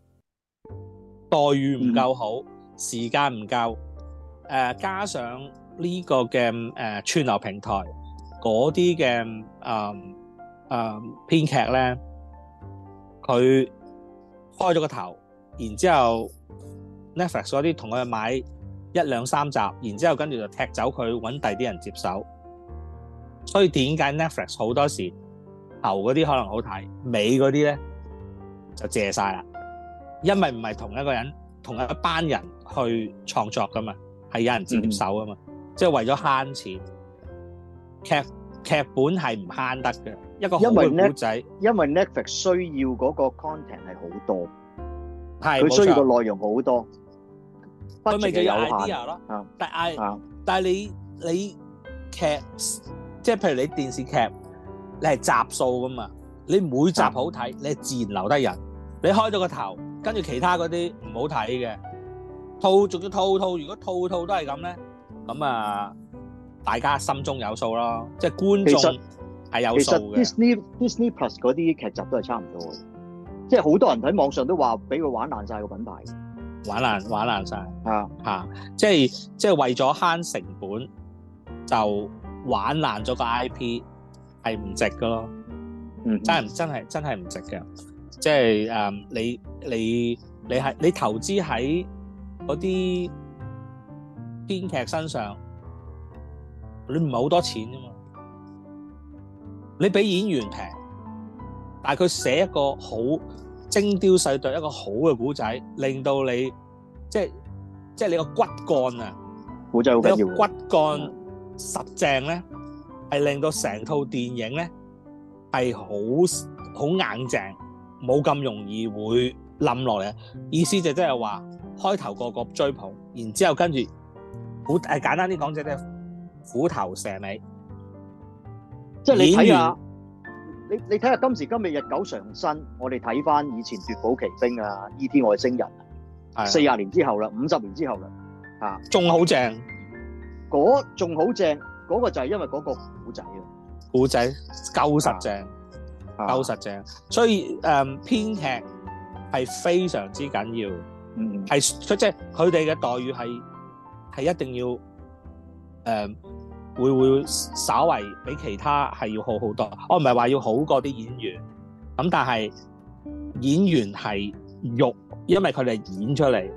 待遇唔夠好，時間唔夠、呃，加上呢個嘅誒、呃、串流平台嗰啲嘅誒誒編劇咧，佢開咗個頭，然之後 Netflix 嗰啲同佢買一兩三集，然之後跟住就踢走佢，揾第啲人接手。所以點解 Netflix 好多時頭嗰啲可能好睇，尾嗰啲咧就借晒啦。因為唔係同一個人、同一班人去創作噶嘛，係有人接手噶嘛，嗯、即係為咗慳錢，劇劇本係唔慳得嘅一個好嘅故仔。因為，Netflix，因為 Netflix 需要嗰個 content 係好多，係佢需要個內容好多，佢咪就有是 idea 咯。但係、uh, uh，但係你你劇即係譬如你電視劇，你係集數噶嘛，你每集好睇，uh，你係自然留低人。你開咗個頭，跟住其他嗰啲唔好睇嘅套，仲要套套。如果套套都係咁咧，咁啊，大家心中有數咯。即係觀眾係有數嘅。Disney Disney Plus 嗰啲劇集都係差唔多嘅。即係好多人喺網上都話，俾佢玩爛晒個品牌。玩爛玩爛晒、啊。吓！即係即係為咗慳成本，就玩爛咗個 IP，係唔值㗎咯。嗯，嗯，真係真係真係唔值嘅。即係誒，你你你係你投資喺嗰啲編劇身上，你唔係好多錢啫嘛。你畀演員平，但係佢寫一個好精雕細琢一個好嘅故仔，令到你即係即係你個骨幹啊，故仔好緊要。個骨幹實正咧，係令到成套電影咧係好好硬正。冇咁容易會冧落嚟，意思就即係話，開頭個個追捧，然之後跟住好誒簡單啲講、就是，即係虎頭蛇尾。即係你睇下，你你睇下今時今日日久常新，我哋睇翻以前奪寶奇兵啊，E.T. 外星人，係四十年之後啦，五十年之後啦，啊，仲好正，嗰仲好正，嗰、那個就係因為嗰個古仔啊，古仔夠實正。夠實淨，所以誒，編劇係非常之緊要，係佢即係佢哋嘅待遇係係一定要誒，會會稍為比其他係要好好多。我唔係話要好過啲演員，咁但係演員係肉，因為佢哋演出嚟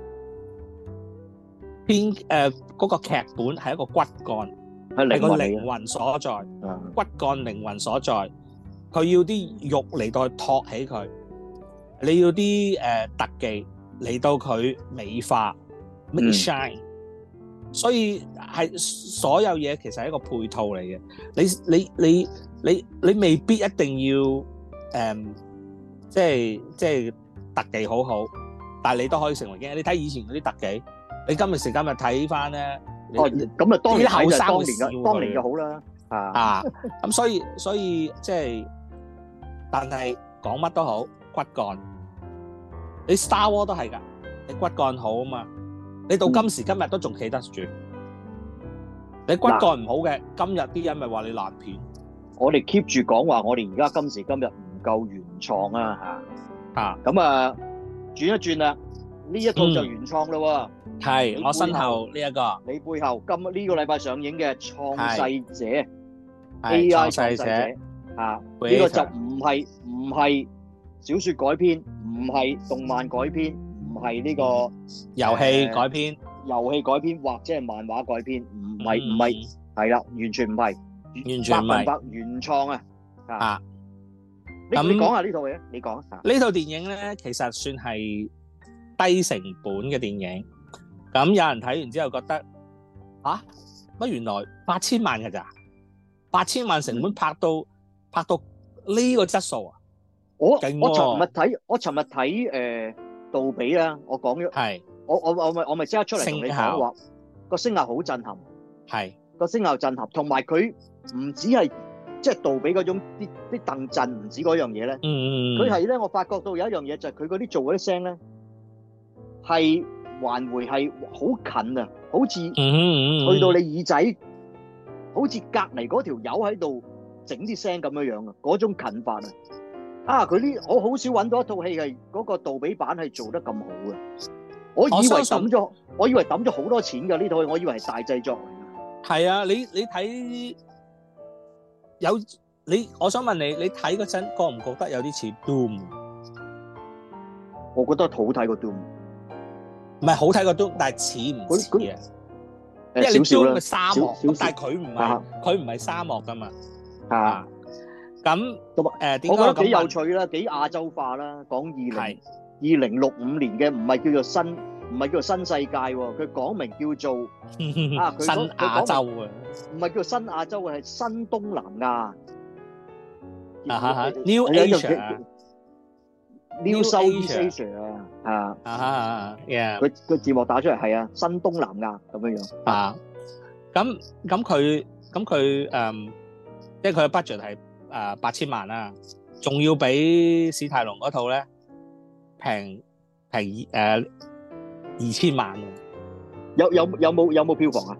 編誒嗰個劇本係一個骨幹，係個靈魂所在，骨幹靈魂所在。佢要啲肉嚟到托起佢，你要啲、呃、特技嚟到佢美化，make shine、嗯。所以係所有嘢其實係一個配套嚟嘅。你你你你你未必一定要、嗯、即係即係特技好好，但係你都可以成為嘅。你睇以前嗰啲特技，你今日成日咪睇翻咧。你咁啊，哦、就當，你就當，然後生嘅，當年就好啦。啊，咁、啊、所以所以即係。就是但係講乜都好，骨幹，你 Star Wars 都係噶，你骨幹好啊嘛，你到今時今日都仲企得住，你骨幹唔好嘅，今日啲人咪話你爛片。我哋 keep 住講話，我哋而家今時今日唔夠原創啊吓吓，咁啊轉一轉啦，呢一套就原創咯，係我身後呢一個，你背後今呢個禮拜上映嘅《創世者》AI 創世者。啊！呢個就唔係唔係小說改編，唔係動漫改編，唔係呢個遊戲改編，遊戲改編或者係漫畫改編，唔係唔係係啦，完全唔係，百分百原創啊！啊！咁你講下呢套嘢，你講啊！呢套電影咧，其實算係低成本嘅電影，咁有人睇完之後覺得啊乜原來八千萬噶咋？八千萬成本拍到。拍到呢個質素啊！我我尋日睇，我尋日睇誒杜比啦，我講咗，係，我我我咪我咪即刻出嚟同你講喎，個聲效好震撼，係個聲效震撼，同埋佢唔止係即係杜比嗰種啲啲凳震，唔止嗰樣嘢咧，佢係咧我發覺到有一樣嘢就係佢嗰啲做嗰啲聲咧，係環回係好近啊，好似去到你耳仔，好似隔離嗰條友喺度。整啲聲咁樣樣啊！嗰種近法啊，啊佢呢我好少揾到一套戲係嗰個杜比版係做得咁好嘅。我以為抌咗，我以為抌咗好多錢㗎呢套戲。我以為係大製作嚟嘅。係啊，你你睇有你，我想問你，你睇嗰陣覺唔覺得有啲似 Doom？我覺得好睇過 Doom，唔係好睇過 Doom，但係似唔似啊？因為你招沙漠，但係佢唔係佢唔係沙漠㗎嘛。啊！咁同誒，我覺得幾有趣啦，幾亞洲化啦。講二零二零六五年嘅，唔係叫做新，唔係叫做新世界。佢講明叫做啊，新亞洲啊，唔係叫做新亞洲啊，係新東南亞啊。New Asia，New Asia 啊，啊啊啊，yeah，佢佢字幕打出嚟係啊，新東南亞咁樣樣啊。咁咁佢咁佢誒。即係佢嘅 budget 係誒八千萬啦，仲要比史泰龍嗰套咧平平二誒二千萬。有有有冇有冇票房啊？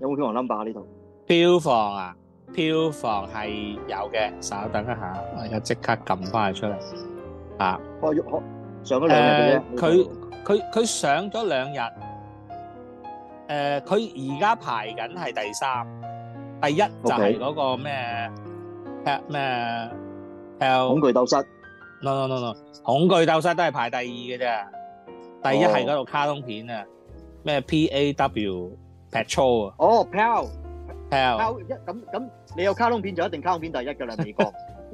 有冇票房 number 呢套？票房啊，票房係有嘅。稍等一下，我而家即刻撳翻佢出嚟。啊，可可上咗兩日嘅啫。佢佢佢上咗兩日。誒，佢而家排緊係第三。第一就係嗰個咩？咩、okay.？恐懼鬥室？No no no no！恐懼鬥室都係排第二嘅啫。第一係嗰套卡通片啊，咩、oh.？P A W Patrol 啊、oh,。哦，Paw，Paw。咁咁，你有卡通片就一定卡通片第一㗎啦，美國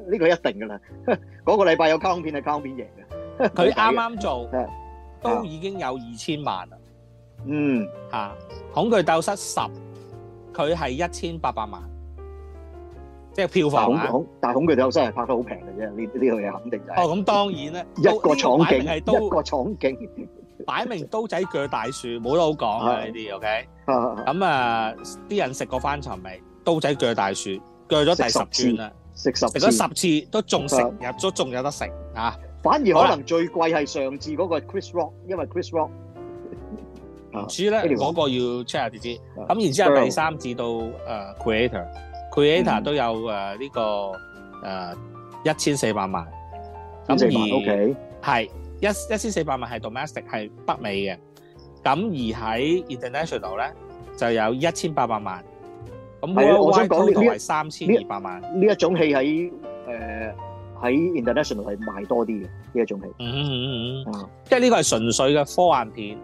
呢 (laughs) 個一定㗎啦。嗰 (laughs) 個禮拜有卡通片係卡通片贏嘅。佢啱啱做，都已經有二千萬啦。嗯，吓，恐懼鬥室十。佢係一千八百萬，即係票房啊！但係恐懼片真係拍得好平嘅啫，呢呢樣嘢肯定就係。哦，咁當然咧，一個場景係刀，一個場景擺明刀仔鋸大樹，冇得好講㗎呢啲。OK，咁啊，啲人食過翻尋味？刀仔鋸大樹，鋸咗第十轉啦，食十食咗十次都仲食，入咗仲有得食啊！反而可能最貴係上次嗰個 Chris Rock，因為 Chris Rock。主要咧嗰個要 check 下咁，然之後第三至到誒 creator，creator 都有誒呢個誒一千四百萬咁，而 okay 係一一千四百萬係 domestic 係北美嘅，咁而喺 international 咧就有一千八百萬咁。係啊，我想講呢個係三千二百萬呢一種戲喺誒喺 international 係賣多啲嘅呢一種戲，嗯嗯嗯，啊，即係呢個係純粹嘅科幻片。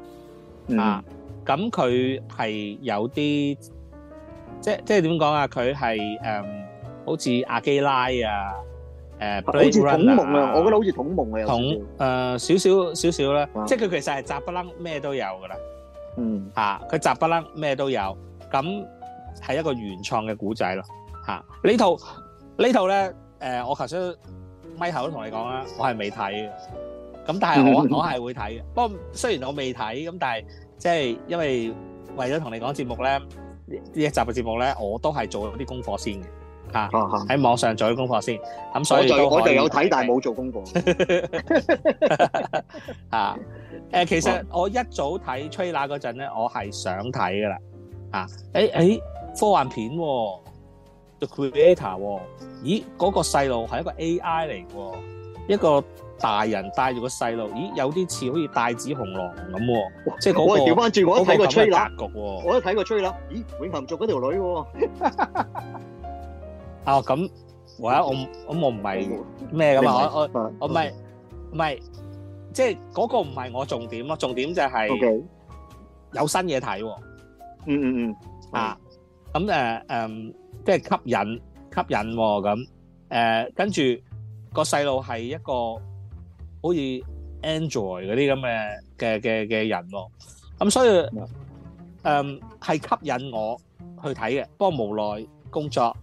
啊，咁佢係有啲，即即係點講啊？佢係誒，好似阿基拉啊，誒，好似《桶夢》啊，我覺得好似《桶夢》啊，桶誒，少少少少啦，即係佢其實係雜不楞咩都有噶啦，嗯，吓，佢雜不楞咩都有，咁係一個原創嘅古仔咯，吓，呢套呢套咧，誒，我頭先咪口都同你講啦，我係未睇。咁但係我我係會睇嘅，不過雖然我未睇，咁但係即係因為為咗同你講節目咧，呢一集嘅節目咧，我都係做咗啲功課先嘅，吓喺網上做啲功課先，咁所以我我哋有睇但係冇做功課，吓，誒，其實我一早睇 trailer 嗰陣咧，我係想睇噶啦，吓，誒誒，科幻片，《The Creator》，咦，嗰個細路係一個 AI 嚟嘅，一個。大人帶住個細路，咦？有啲似好似帶子雄狼咁喎，即係嗰個。我調翻轉，我都睇過吹喇。我都睇過吹喇。咦？永恆族嗰條女喎。啊，咁，我我咁我唔係咩㗎嘛？我我我唔係唔係，即係嗰個唔係我重點咯。重點就係有新嘢睇。嗯嗯嗯。啊，咁誒誒，即係吸引吸引咁。誒，跟住個細路係一個。好似 Android 嗰啲咁嘅嘅嘅嘅人喎，咁所以誒係吸引我去睇嘅，不過無奈工作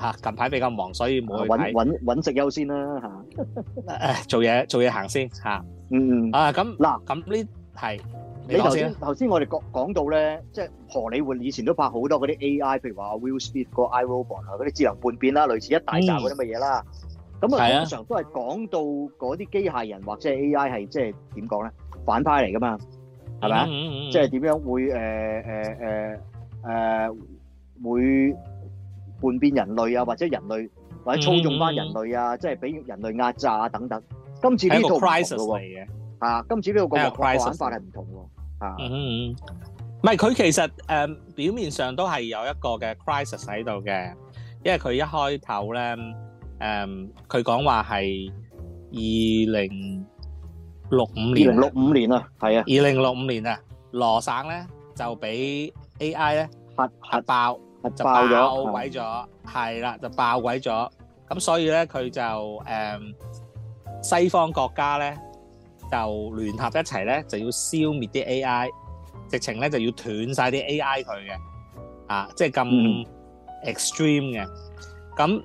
嚇近排比較忙，所以冇去睇。揾揾揾食優先啦嚇，做嘢做嘢行先嚇。嗯嗯啊咁嗱咁呢係你頭先頭先我哋講講到咧，即係荷里活以前都拍好多嗰啲 AI，譬如話 Will Smith 個 I Robot 嗰啲智能叛變啦，類似一大集嗰啲乜嘢啦。咁啊，通常都係講到嗰啲機械人或者 AI 係即係點講咧？反派嚟噶嘛，係咪啊？即係點樣會誒誒誒誒會叛變人類啊，或者人類或者操縱翻人類啊，即係俾人類壓榨啊等等。今次呢套係個 crisis 嚟嘅嚇，今次呢個講法係唔同喎嚇。唔係佢其實誒表面上都係有一個嘅 crisis 喺度嘅，因為佢一開頭咧。誒、um，佢講話係二零六五年，二零六五年啊，係啊，二零六五年啊，羅省咧就俾 AI 咧核核爆，核爆咗，就爆鬼咗，係啦，就爆鬼咗，咁所以咧佢就誒，um, 西方國家咧就聯合一齊咧就要消滅啲 AI，直情咧就要斷晒啲 AI 佢嘅，啊，即係咁 extreme 嘅，咁、嗯。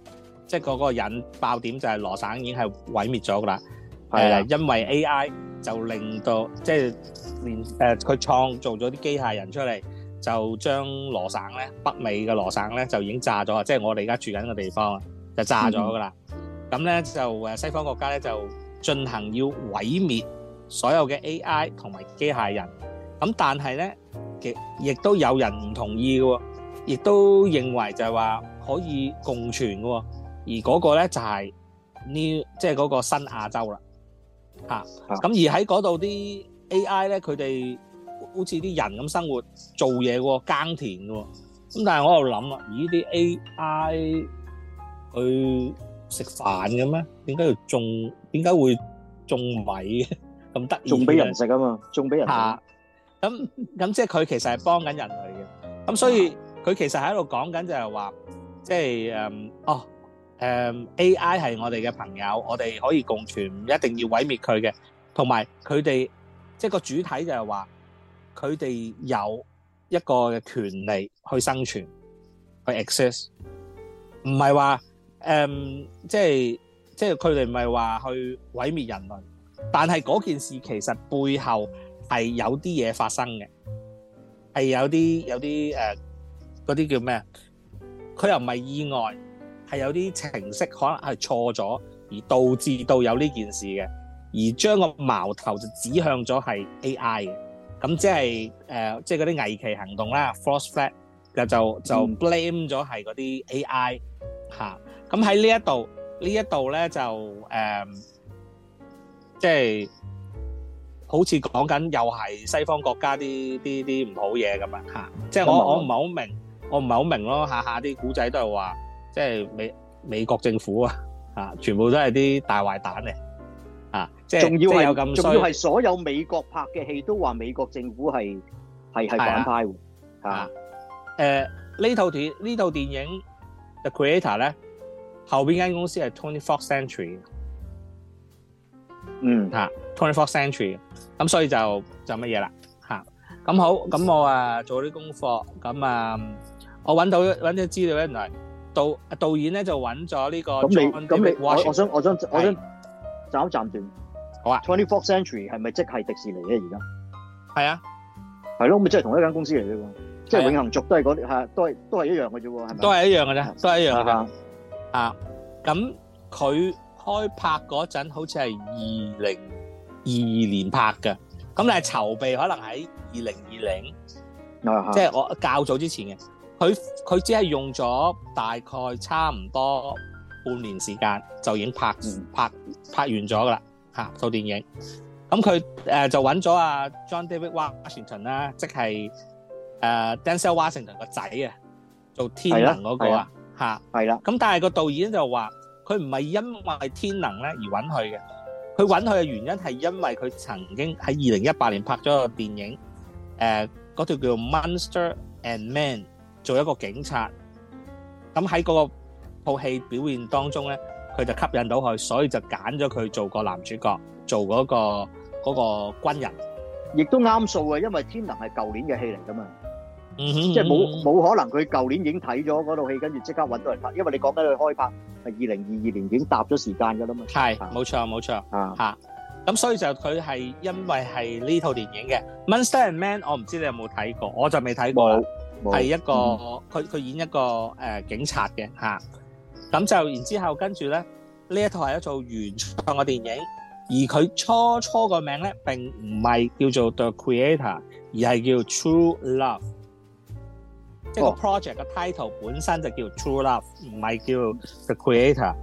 即係嗰個引爆點就係羅省已經係毀滅咗噶啦。係啦、呃，因為 A.I. 就令到即係連誒佢、呃、創造咗啲機械人出嚟，就將羅省咧北美嘅羅省咧就已經炸咗啊！即係我哋而家住緊嘅地方啊，就炸咗噶啦。咁、嗯、咧就誒西方國家咧就進行要毀滅所有嘅 A.I. 同埋機械人。咁但係咧，亦亦都有人唔同意嘅喎，亦都認為就係話可以共存嘅喎。而嗰個咧就係呢，即係嗰個新亞洲啦，嚇咁而喺嗰度啲 AI 咧，佢哋好似啲人咁生活做嘢喎，耕田喎，咁但係我又諗啊，而呢啲 AI 去食飯嘅咩？點解要種？點解會種米嘅，咁得意？種俾人食啊嘛，種俾人食。咁咁即係佢其實係幫緊人類嘅，咁所以佢其實喺度講緊就係話，即係誒哦。誒、um，A.I. 係我哋嘅朋友，我哋可以共存，唔一定要毀滅佢嘅。同埋佢哋即係個主體就係話，佢哋有一個嘅權利去生存，去 excess。唔係話誒，即係即係佢哋唔係話去毀滅人類，但係嗰件事其實背後係有啲嘢發生嘅，係有啲有啲誒，嗰、uh, 啲叫咩？佢又唔係意外。係有啲程式可能係錯咗，而導致到有呢件事嘅，而將個矛頭就指向咗係 A.I. 嘅，咁即係誒，即係嗰啲危機行動啦，false flag 就就 blame 咗係啲 A.I. 嚇，咁喺呢一度呢一度咧就誒，即、呃、係、就是、好似講緊又係西方國家啲啲啲唔好嘢咁樣嚇，即係、就是、我我唔係好明，我唔係好明，明咯，下下啲古仔都係話。即係美美國政府啊，啊，全部都係啲大壞蛋咧，啊，即係即係有咁衰，仲要係所有美國拍嘅戲都話美國政府係係係反派，吓，誒，呢套電呢套電影 The Creator 咧，後邊間公司係 Twenty Four Century，嗯，吓，Twenty Four Century，咁所以就就乜嘢啦，吓，咁好，咁我啊做啲功課，咁啊，我搵到搵啲資料嚟。導啊！導演咧就揾咗呢個咁你咁你，我我想我想我想暫暫先。好啊。Twenty-fourth century 係咪即係迪士尼嘅而家？係啊，係咯。咁咪即係同一間公司嚟嘅喎。即係永恆族都係嗰啲，係都係都係一樣嘅啫喎。都係一樣嘅啫。都係一樣嘅吓。啊，咁佢開拍嗰陣好似係二零二二年拍嘅，咁但係籌備可能喺二零二零，即係我較早之前嘅。佢佢只係用咗大概差唔多半年時間就已經拍拍拍完咗噶啦嚇套電影，咁佢誒就揾咗阿 John David Washington 啦、啊，即係誒、啊、Denzel Washington 個仔啊做天能嗰、那個啊吓係啦。咁、嗯、但係個導演就話佢唔係因為天能咧而揾佢嘅，佢揾佢嘅原因係因為佢曾經喺二零一八年拍咗個電影誒嗰條叫《Monster and Man》。做一個警察，咁喺嗰個套戲表現當中咧，佢就吸引到佢，所以就揀咗佢做個男主角，做嗰個嗰個軍人，亦都啱數啊，因為天能係舊年嘅戲嚟噶嘛，嗯哼，即係冇冇可能佢舊年已經睇咗嗰套戲，跟住即刻揾到人拍，因為你講緊佢開拍係二零二二年已經搭咗時間噶啦嘛，係冇錯冇錯啊嚇，咁所以就佢係因為係呢套電影嘅《Monster Man》，我唔知你有冇睇過，我就未睇過啦。係一個佢佢、嗯、演一個誒、呃、警察嘅吓，咁、嗯、就然之後跟住咧呢這一套係一套原創嘅電影，而佢初初個名咧並唔係叫做 The Creator，而係叫 True Love。即、哦、個 project 嘅 title 本身就叫 True Love，唔係叫 The Creator。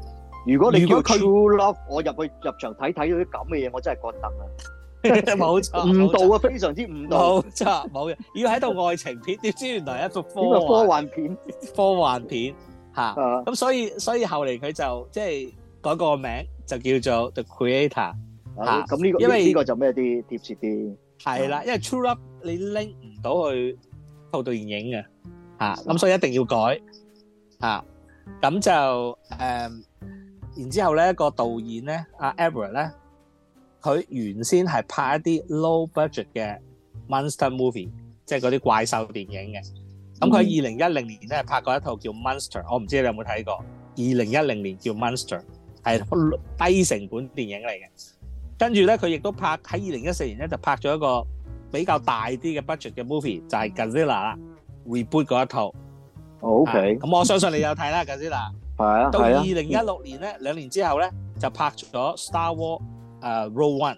如果你叫如果 True Love 我入去入場睇睇啲咁嘅嘢，我真係覺得啊！冇錯，誤導啊，非常之誤導，錯冇嘢，要喺度愛情片，點知原來係一部科幻片？科幻片，科幻片，吓。咁所以所以後嚟佢就即係改個名，就叫做 The Creator。吓，咁呢個因為呢個就咩啲貼切啲。係啦，因為 True Love 你拎唔到去套到電影嘅，吓，咁所以一定要改。吓，咁就誒，然之後咧個導演咧，阿 Ever 咧。佢原先係拍一啲 low budget 嘅 monster movie，即係嗰啲怪獸電影嘅。咁佢二零一零年咧拍過一套叫 monster，我唔知你有冇睇過。二零一零年叫 monster，係低成本電影嚟嘅。跟住咧，佢亦都拍喺二零一四年咧就拍咗一個比較大啲嘅 budget 嘅 movie，就係 Godzilla 啦 a reboot 嗰一套。OK，咁、啊、我相信你有睇啦 Godzilla 啊，Godzilla、 (laughs) 到二零一六年咧， (laughs) 兩年之後咧就拍咗 Star Wars。誒《Rogue One》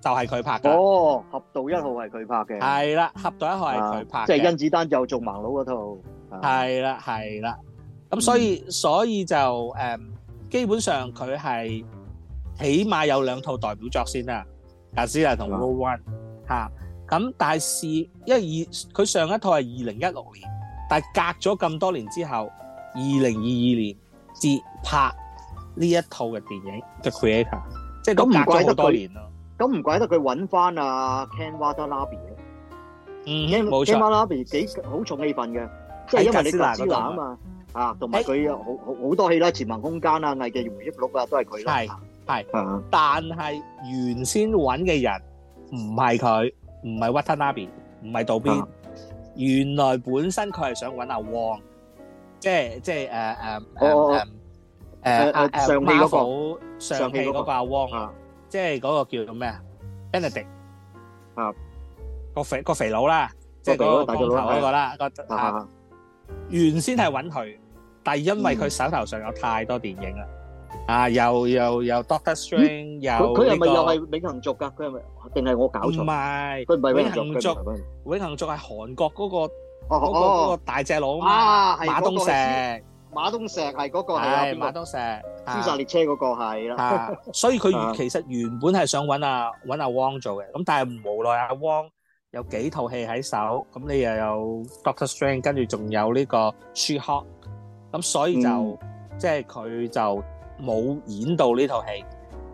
就係佢拍嘅哦，《俠盜一號》係佢拍嘅，係啦，《俠盜一號》係佢拍，即係甄子丹就做盲佬嗰套，係啦係啦。咁所以所以就誒，基本上佢係起碼有兩套代表作先啦，《阿斯納》同《Rogue One》嚇。咁但係是因為二佢上一套係二零一六年，但係隔咗咁多年之後，二零二二年至拍呢一套嘅電影《The Creator》。即係咁唔怪得多年啦，咁唔怪得佢揾翻啊 Ken Watanabe。嗯，冇錯，Ken Watanabe 幾好重戲份嘅，即係因為你個超華啊嘛，啊同埋佢又好好好多戲啦，《潛行空間》啊，《藝伎回憶錄》啊，都係佢啦。係係啊，但係原先揾嘅人唔係佢，唔係 Watanabe，唔係導演。原來本身佢係想揾阿王，即係即係誒誒誒誒。誒誒誒，Marvel 上氣嗰個，上氣嗰個阿 Wong 啊，即係嗰個叫做咩啊，Benedict 啊，個肥個肥佬啦，即係嗰個大個頭嗰個啦，個啊，原先係揾佢，但係因為佢手頭上有太多電影啦，啊，又又又 Doctor Strange，又佢係咪又係永恆族㗎？佢係咪？定係我搞錯？唔係，佢唔係永恆族，永恆族係韓國嗰個，嗰個嗰個大隻佬啊，馬東石。馬東石係嗰個，係馬東石，屍殺列車嗰個係啦，所以佢其實原本係想揾阿揾阿汪做嘅，咁但係無奈阿汪有幾套戲喺手，咁你又有 Doctor Strange，跟住仲有呢個 She-Hulk，咁所以就即係佢就冇演到呢套戲，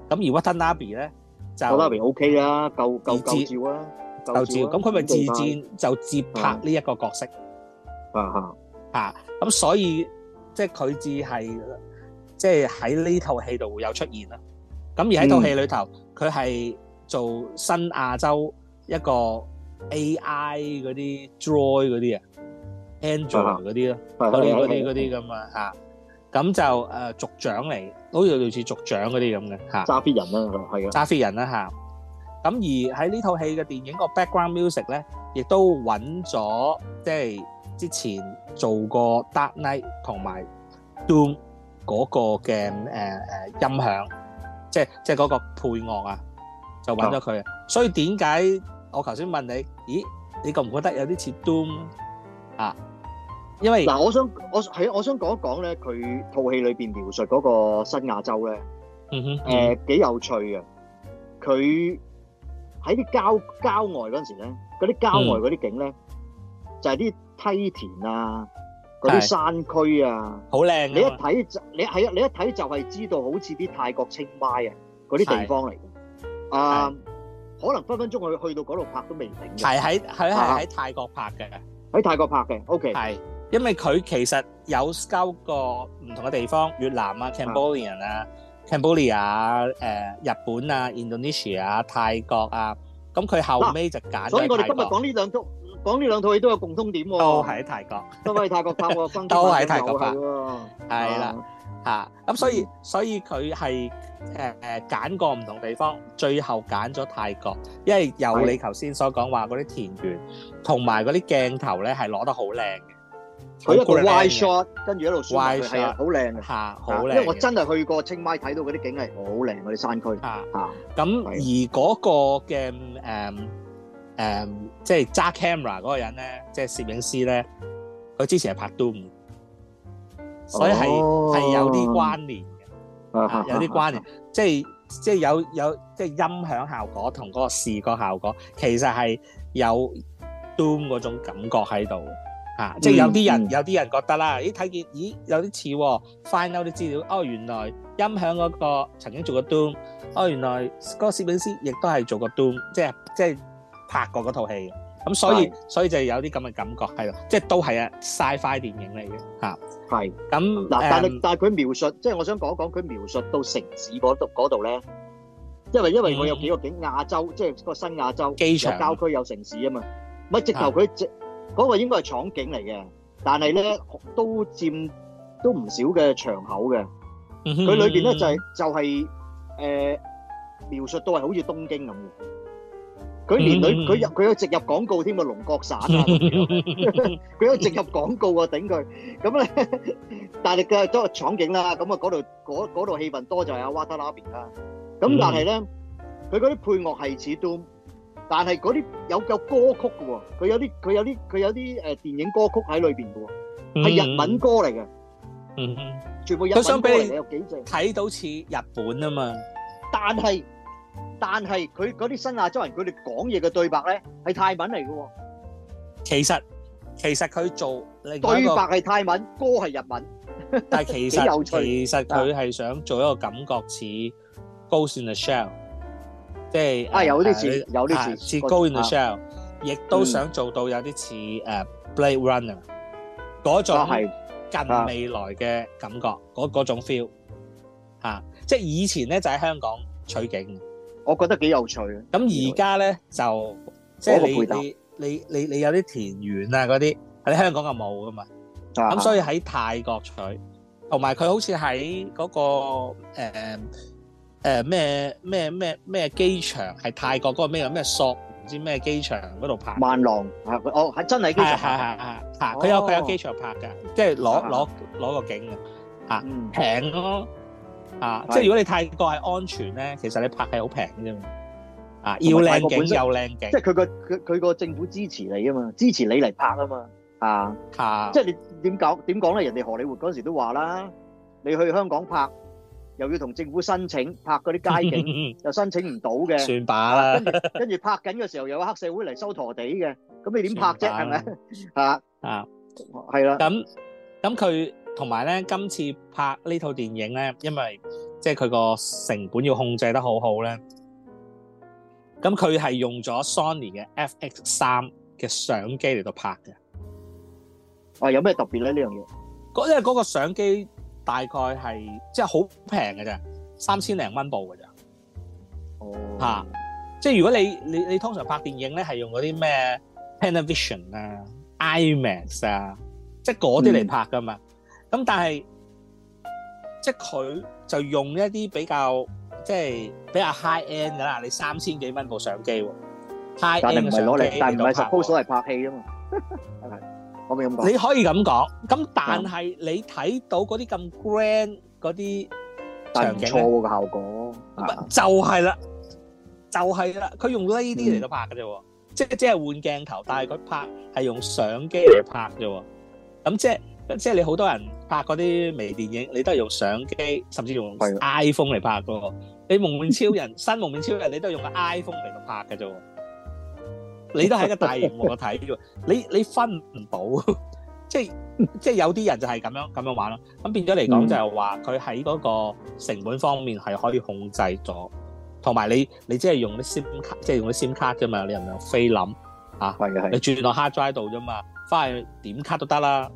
咁而 Watanabe 咧就 Watanabe OK 啦，夠夠夠照啊，夠照，咁佢咪自薦就接拍呢一個角色，啊啊，啊，咁所以。即係佢只係即係喺呢套戲度有出現啦。咁而喺套戲裏頭，佢係做新亞洲一個 AI 嗰啲 Joy 嗰啲啊 Android 嗰啲咯，嗰啲嗰啲嗰啲咁啊嚇。咁就誒族長嚟，好似類似族長嗰啲咁嘅嚇。揸飛人啦，係啊，揸飛人啦嚇。咁而喺呢套戲嘅電影個 background music 咧，亦都揾咗即係。之前做過 Dark Knight 同埋 Doom 嗰個嘅誒誒音響，即係即係嗰個配樂啊，就揾咗佢。所以點解我頭先問你？咦，你覺唔覺得有啲似 Doom 啊？因為嗱，我想我係我想講一講咧，佢套戲裏邊描述嗰個新亞洲咧，誒幾有趣啊。佢喺啲郊郊外嗰陣時咧，嗰啲郊外嗰啲景咧就係啲。梯田啊，嗰啲山區啊，好靚。你一睇就，你係啊，你一睇就係知道，好似啲泰國清邁啊，嗰啲地方嚟嘅。啊，可能分分鐘去去到嗰度拍都未定。係喺係係喺泰國拍嘅，喺泰國拍嘅。O.K. 係，因為佢其實有交過唔同嘅地方，越南啊、Cambodia 啊、Cambodia 啊、誒日本啊、Indonesia 啊、泰國啊，咁佢後尾就揀。所以我哋今日講呢兩種。講呢兩套戲都有共通點喎，都喺泰國，都喺泰國拍喎，都喺泰國拍喎，係啦嚇。咁所以所以佢係誒誒揀過唔同地方，最後揀咗泰國，因為由你頭先所講話嗰啲田園同埋嗰啲鏡頭咧係攞得好靚嘅，佢一個 wide shot 跟住一路轉佢係啊，好靚嘅嚇，好靚。因為我真係去過清邁睇到嗰啲景係好靚，嗰啲山區嚇嚇。咁而嗰個嘅誒。誒、um,，即係揸 camera 嗰個人咧，即係攝影師咧。佢之前係拍 Doom，所以係係、oh. 有啲關聯嘅， (laughs) 有啲關聯。即係即係有有即係音響效果同嗰個視覺效果，其實係有 Doom 嗰種感覺喺度、mm. 即係有啲人有啲人覺得啦，咦？睇見咦有啲似、哦、find out 啲資料哦，原來音響嗰個曾經做過 Doom 哦，原來嗰個攝影師亦都係做過 Doom，即係即係。拍過嗰套戲嘅，咁所以所以就係有啲咁嘅感覺，係咯，即係都係啊 Sci-Fi 電影嚟嘅嚇。係咁嗱，但係但係佢描述，即係我想講講佢描述到城市嗰度嗰度咧，因為因為我有幾個景亞洲，即係個新亞洲，機場郊區有城市啊嘛，咪直頭佢直嗰個應該係廠景嚟嘅，但係咧都佔都唔少嘅場口嘅，佢裏邊咧就係就係誒描述到係好似東京咁嘅。佢連佢佢入佢有植入廣告添啊，龍角散啊，佢有植入廣告啊，頂佢咁咧。但係佢都係場景啦，咁啊嗰度嗰嗰度氣氛多就係阿 Water Laby 啦。咁但係咧，佢嗰啲配樂係似都，但係嗰啲有有歌曲嘅喎，佢有啲佢有啲佢有啲誒電影歌曲喺裏邊嘅喎，係日文歌嚟嘅，嗯哼，全部日文歌嚟嘅，幾正睇到似日本啊嘛，但係。但係佢嗰啲新亞洲人，佢哋講嘢嘅對白咧係泰文嚟嘅喎。其實其實佢做對白係泰文，歌係日文，但係其實其實佢係想做一個感覺似《Ghost in the Shell》，即係啊，有啲似有啲似《Ghost in the Shell》，亦都想做到有啲似誒《Blade Runner》嗰種近未來嘅感覺，嗰嗰種 feel 嚇，即係以前咧就喺香港取景。我覺得幾有趣。咁而家咧就即、是、係你你你你，你，你有啲田園啊嗰啲喺香港就冇噶嘛，咁、啊、所以喺泰國取，同埋佢好似喺嗰個誒咩咩咩咩機場，係泰國嗰個咩咩索唔知咩機場嗰度拍。萬隆啊！哦係真係機場，係係係，吓佢、啊哦啊啊、有佢、哦、有機場拍㗎，即係攞攞攞個景㗎，吓、啊嗯、平咯、那個。啊！即係如果你泰國係安全咧，其實你拍係好平嘅啫嘛。啊，要靚景又靚景，景，即係佢個佢佢個政府支持你啊嘛，支持你嚟拍啊嘛。啊，嚇、啊！即係你點講點講咧？人哋荷里活嗰時候都話啦，你去香港拍又要同政府申請拍嗰啲街景， (laughs) 又申請唔到嘅。算罷啦，啊、跟住拍緊嘅時候，又有黑社會嚟收陀地嘅，咁你點拍啫？係咪？嚇啊！係、啊、啦。咁咁佢。同埋咧，今次拍呢套電影咧，因為即係佢個成本要控制得好好咧，咁佢係用咗 Sony 嘅 FX3 嘅相機嚟到拍嘅。哦、啊，有咩特別咧呢樣嘢？嗰即係嗰個相機大概係即係好平嘅啫，三千零蚊部㗎啫。哦，啊、即係如果你你你通常拍電影咧，係用嗰啲咩 Panavision 啊、IMAX 啊，即係嗰啲嚟拍噶嘛？嗯咁但係，即係佢就用一啲比較即係比較 high end 噶啦，你三千幾蚊部相機，但係唔係攞嚟，但係唔係實鋪所嚟拍戲啊嘛。我未咁講，你可以咁講。咁但係你睇到嗰啲咁 grand 嗰啲場景，但唔錯嘅效果。就係啦，就係啦，佢用呢啲嚟到拍噶啫，即係即係換鏡頭，但係佢拍係用相機嚟拍啫，咁即係。即係你好多人拍嗰啲微電影，你都係用相機，甚至用 iPhone 嚟拍個。的你《幪面超人》 (laughs) 新《幪面超人》你都是用來拍的，你都係用 iPhone 嚟度拍嘅啫。你都係一個大型我睇啫。你你分唔到，即係即係有啲人就係咁樣咁樣玩咯。咁變咗嚟講就係話佢喺嗰個成本方面係可以控制咗，同埋你你即係用啲 sim 卡，即係用啲 sim 卡啫嘛。你又唔用菲林，嚇、啊，你轉落 hard drive 度啫嘛，翻去點卡都得啦。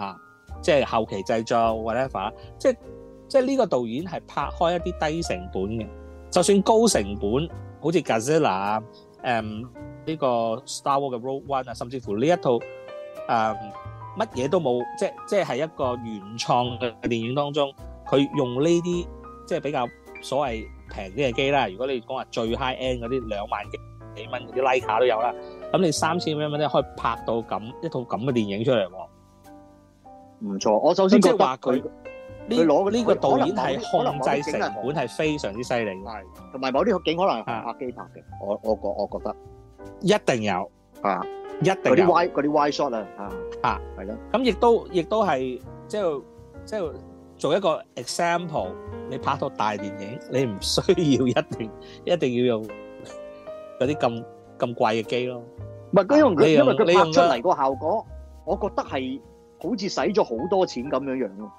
啊，即係後期製作 whatever，即係即係呢個導演係拍開一啲低成本嘅，就算高成本，好似《哥斯拉》誒呢個《Star Wars》嘅《Rogue One》啊，甚至乎呢一套誒乜嘢都冇，即係即係係一個原創嘅電影當中，佢用呢啲即係比較所謂平啲嘅機啦。如果你講話最 high end 嗰啲兩萬幾幾蚊嗰啲 Leica 都有啦，咁你三千幾蚊蚊咧可以拍到咁一套咁嘅電影出嚟喎。唔錯，我首先即係話佢，佢攞嗰呢個導演係控制成本係非常之犀利嘅，係同埋某啲景可能係拍機拍嘅，我我覺我覺得一定有啊，一定有嗰啲歪嗰啲歪 shot 啊，啊係咯，咁亦都亦都係即係即係做一個 example，你拍套大電影，你唔需要一定一定要用嗰啲咁咁貴嘅機咯，唔係，因為佢因為佢拍出嚟個效果，我覺得係。好似使咗好多錢咁樣樣咯，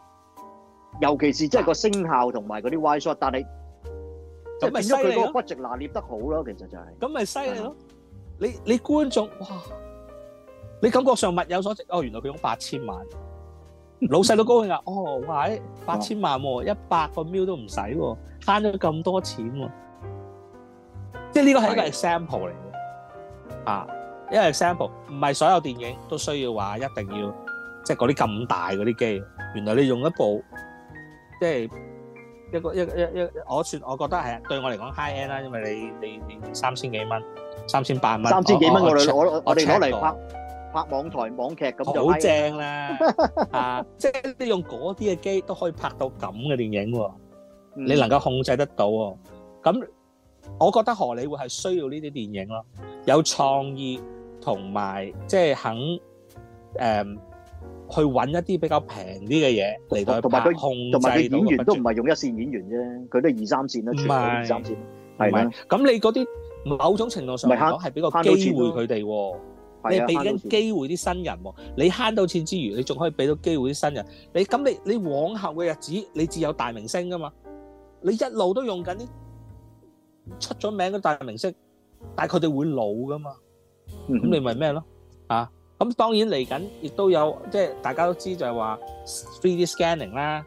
尤其是即係個聲效同埋嗰啲 Y shot，但係就變咗佢嗰個 budget 拿捏得好咯。其實就係咁，咪犀利咯！你你觀眾哇，你感覺上物有所值哦。原來佢用八千萬，老細都高興啊。哦，哇！誒八千萬，一百個 mil 都唔使，慳咗咁多錢喎。即係呢個係一個 example 嚟嘅啊，一個 example 唔係所有電影都需要話一定要。即係嗰啲咁大嗰啲機，原來你用一部，即係一個一一一，我算我覺得係啊，對我嚟講 high end 啦，因為你你你三千幾蚊，三千八蚊，三千幾蚊嗰兩，我我我哋攞嚟拍拍網台網劇咁就好正啦！啊，即係你用嗰啲嘅機都可以拍到咁嘅電影喎，你能夠控制得到喎，咁我覺得荷里活係需要呢啲電影囉，有創意同埋即係肯誒。去揾一啲比較平啲嘅嘢嚟，同埋佢控制，同埋演員都唔係用一線演員啫，佢都係二三線啦，全部二三線。係咪？咁你嗰啲某種程度上嚟講係俾個機會佢哋，你俾緊機會啲新人喎。你慳到錢之餘，你仲可以俾到機會啲新人。你咁你你往後嘅日子，你至有大明星噶嘛？你一路都用緊啲出咗名嘅大明星，但係佢哋會老噶嘛？咁、嗯、你咪咩咯？啊！咁當然嚟緊，亦都有即係大家都知就係話 3D scanning 啦，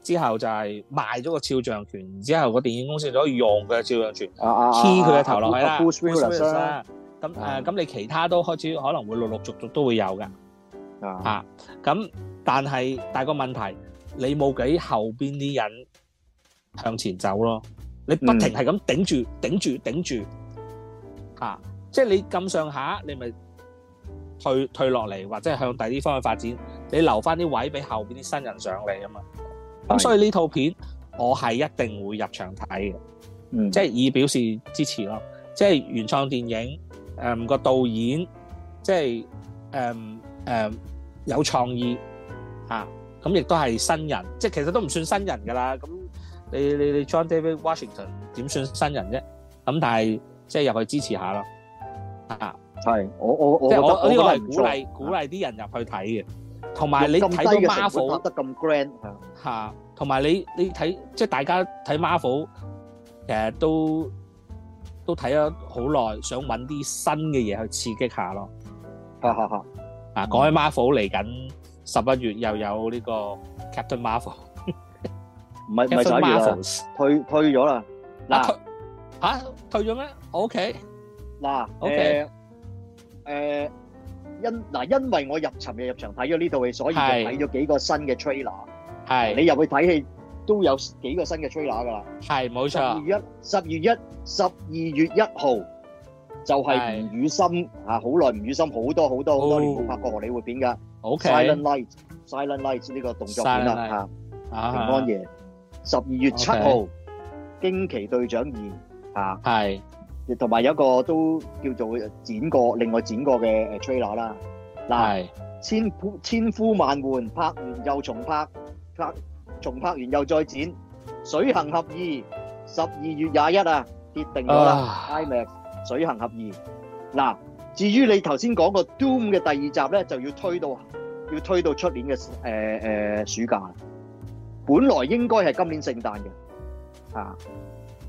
之後就係賣咗個肖像權，之後個電影公司就可以用佢嘅肖像權黐佢嘅頭落去啦。咁誒，咁你其他都開始可能會陸陸續續都會有㗎吓。咁但係但係，大個問題，你冇幾後邊啲人向前走咯，你不停係咁頂住頂住頂住吓，即係你咁上下，你咪～退退落嚟或者係向第啲方向發展，你留翻啲位俾後面啲新人上嚟啊嘛。咁所以呢套片我係一定會入場睇嘅、嗯，即係以表示支持咯。即係原創電影，誒、嗯那個導演即係誒誒有創意嚇，咁亦都係新人，即係其實都唔算新人㗎啦。咁你你你 John David Washington 點算新人啫？咁但係即係入去支持下咯，啊！係，我我我即係我，我係鼓勵鼓勵啲人入去睇嘅，同埋你睇到 Marvel 得咁 grand 吓，同埋你你睇即係大家睇 Marvel 其實都都睇咗好耐，想揾啲新嘅嘢去刺激下咯。啊啊啊！啊，講起 Marvel 嚟緊十一月又有呢個 Captain Marvel，唔係唔係十一月啦，退退咗啦嗱，吓，退咗咩？OK 嗱，誒。誒，因嗱，因為我入尋日入場睇咗呢套戲，所以就睇咗幾個新嘅 trailer。係你入去睇戲都有幾個新嘅 trailer 噶啦。係冇錯。十二月一、十二月一、十二月一號就係吳宇森吓，好耐吳宇森好多好多好多年冇拍過荷里活片噶。OK。Silent Light，Silent Light 呢個動作片啦吓。平安夜十二月七號，驚奇隊長二吓。係。同埋有一個都叫做剪過，另外剪過嘅 trailer 啦。嗱，千千呼萬喚拍完又重拍，拍重拍完又再剪。水行俠二，十二月廿一啊，決定咗啦。Oh. IMAX 水行俠二嗱，至於你頭先講個 Doom 嘅第二集咧，就要推到要推到出年嘅誒誒暑假。本來應該係今年聖誕嘅。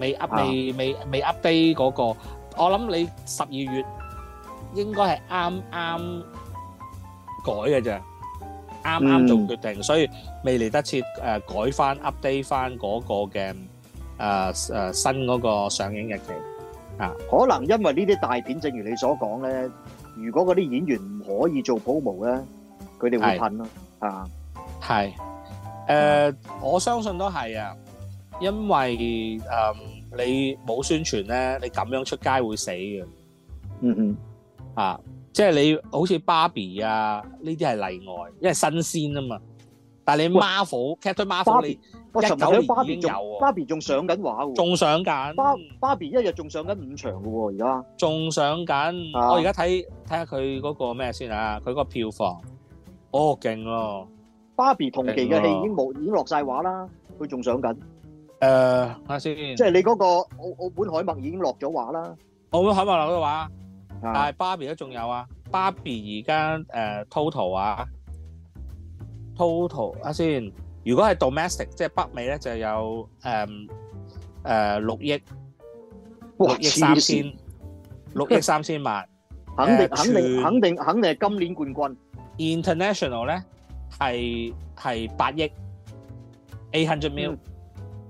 未 update，未未 update 嗰個。我諗你十二月應該係啱啱改嘅啫，啱啱做決定，所以未嚟得切誒改翻 update 翻嗰個嘅誒誒新嗰個上映日期啊。可能因為呢啲大片，正如你所講咧，如果嗰啲演員唔可以做 promo 咧，佢哋會噴咯啊，係誒，我相信都係啊。因為誒，你冇宣傳咧，你咁樣出街會死嘅。嗯嗯，啊，即係你好似芭比啊，呢啲係例外，因為新鮮啊嘛。但係你 Marvel，Captain Marvel，你一九年已經有芭比，仲上緊畫，仲上緊芭芭比一日仲上緊五場㗎喎，而家仲上緊。我而家睇睇下佢嗰個咩先啊，佢嗰個票房，哦，勁咯！芭比同期嘅戲已經冇已經落晒畫啦，佢仲上緊。誒，睇下先，即係你嗰、那個奧奧本海默已經落咗畫啦。奧本海默落咗畫，但係 Barbie 都仲有啊。Barbie 而家誒 Total 啊，Total，睇下先。如果係 domestic，即係北美咧，就有誒誒六億，六億三千，六億三千萬，肯定、uh, 肯定肯定肯定係今年冠軍。International 咧係係八億 eight hundred milli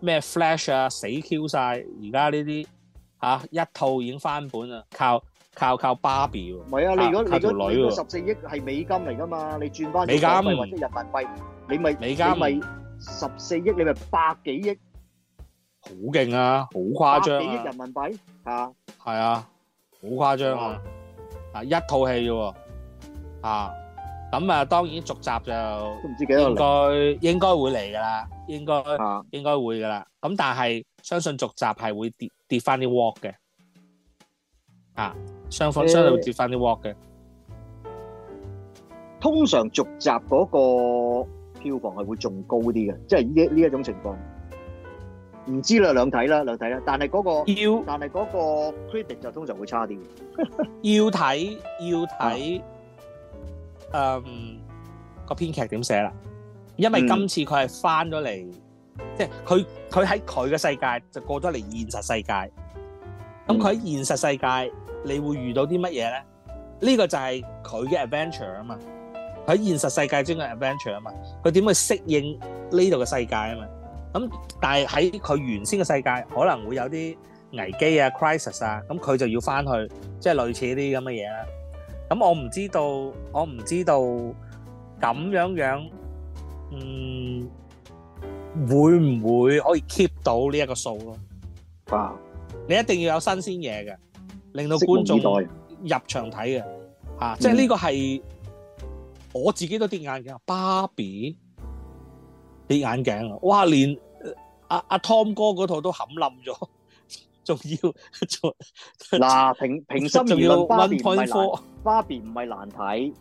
咩 Flash 啊死 Q 曬！而家呢啲嚇一套已經翻本啦，靠靠靠芭比喎！唔係啊，你如果你條女十四億係美金嚟㗎嘛，你轉翻美金或者人民幣，你咪你咪十四億你咪百幾億，好勁啊！好誇張啊！人民幣係啊係啊，好誇張啊！嗱一套戲啫喎啊！咁啊，當然續集就應該應該會嚟㗎喇，應該應該會㗎喇。咁但係相信續集係會跌跌返啲 walk 嘅，啊上分上嚟會跌返啲 walk 嘅。通常續集嗰個票房係會仲高啲嘅，即係呢呢一種情況，唔知啦，兩睇啦，兩睇啦。但係嗰個要，但係嗰個 credit 就通常會差啲。要睇要睇。嗯，個編劇點寫啦？因為今次佢係翻咗嚟，即係佢佢喺佢嘅世界就過咗嚟現實世界。咁佢喺現實世界，你會遇到啲乜嘢咧？呢個就係佢嘅 adventure 啊嘛。佢喺現實世界中嘅 adventure 啊嘛，佢點去適應呢度嘅世界啊嘛。咁但係喺佢原先嘅世界，可能會有啲危機啊、crisis 啊。咁佢就要翻去，即係類似啲咁嘅嘢啦。咁、嗯、我唔知道，我唔知道咁樣樣，嗯，會唔會可以 keep 到呢一個數咯？哇！你一定要有新鮮嘢嘅，令到觀眾入場睇嘅、啊嗯、即係呢個係我自己都跌眼鏡，芭比跌眼鏡啊！哇，連阿阿、啊啊、Tom 哥嗰套都冚冧咗，仲要仲嗱平平心仲要、啊芭比唔係難睇，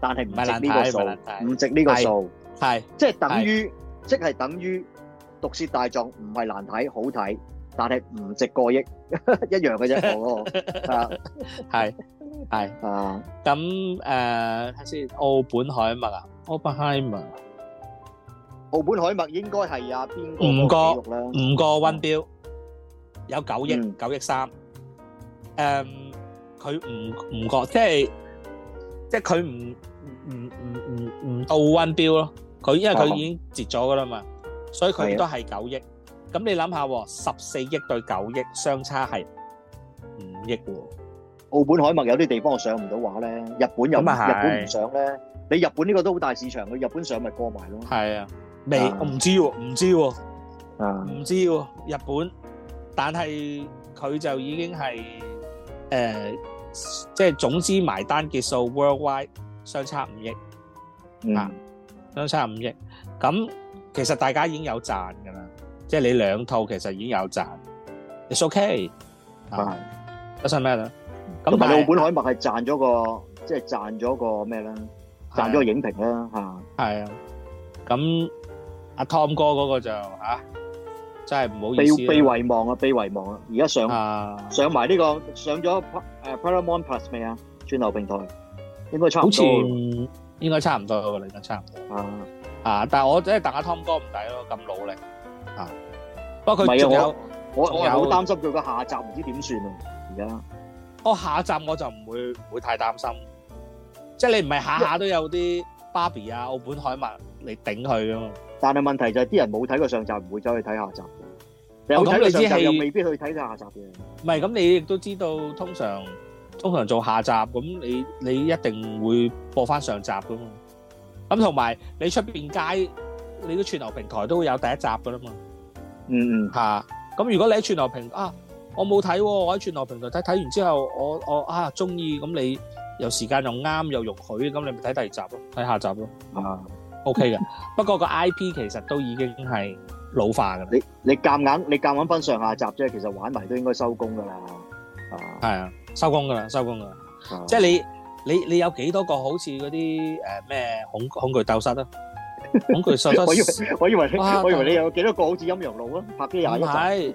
但係唔值呢個數，唔值呢個數，係即係等於，即係等於毒舌大狀唔係難睇，好睇，但係唔值過億，一樣嘅啫，我係係啊，咁誒，睇先奧本海默啊，奧本海默，奧本海默應該係阿邊個啦，五個溫標有九億九億三，誒。佢唔唔覺，即係即係佢唔唔唔唔唔到 one bill 咯，佢因為佢已經截咗噶啦嘛，所以佢都係九億。咁你諗下，十四億對九億相差係五億喎。澳本海默有啲地方我上唔到畫咧，日本有乜？日本唔上咧？你日本呢個都好大市場，佢日本上咪過埋咯。係啊，未？我唔知喎，唔知喎，唔知喎。日本，但係佢就已經係誒。即係總之埋單結數，Worldwide 相差五億，嗯，啊，相差五億，咁其實大家已經有賺噶啦，即係你兩套其實已經有賺，It's ok，係，得晒咩咧？咁但係奧本海默係賺咗個，即係賺咗個咩咧？賺咗個影評啦，吓，係啊，咁阿 Tom 哥嗰個就吓。真係唔好意思，被被遺忘啊，被遺忘啊！而家上上埋呢個上咗誒 Paramount Plus 未啊？串流平台應該差唔多，應該差唔多喎，你講差唔多啊！啊，但係我即係戥阿 Tom 哥唔抵咯，咁努力啊！不過佢仲有，我我又好擔心佢個下集唔知點算啊！而家我下集我就唔會唔會太擔心，即係你唔係下下都有啲 Barbie 啊、奧本海默嚟頂佢噶嘛？但係問題就係啲人冇睇過上集，唔會走去睇下集。有睇過上集又未必去睇下集嘅、哦。唔係咁，嗯也嗯嗯、你亦都知道，通常通常做下集，咁你你一定會播翻上集噶嘛。咁同埋你出邊街，你啲串流平台都會有第一集噶啦嘛。嗯嗯，嚇。咁如果你喺串流平啊，我冇睇、哦，我喺串流平台睇睇完之後，我我啊中意，咁你有時間又啱又容許，咁你咪睇第二集咯，睇下集咯，嚇、嗯。OK 嘅，不過個 IP 其實都已經係老化嘅啦。你你夾硬你夾硬分上下集啫，其實玩埋都應該收工噶啦。啊，係啊，收工噶啦，收工噶啦。即係你你你有幾多個好似嗰啲誒咩恐恐懼鬥室啊？恐懼鬥室，我以為我以為你我以為你有幾多個好似陰陽路啊？拍幾廿集。唔係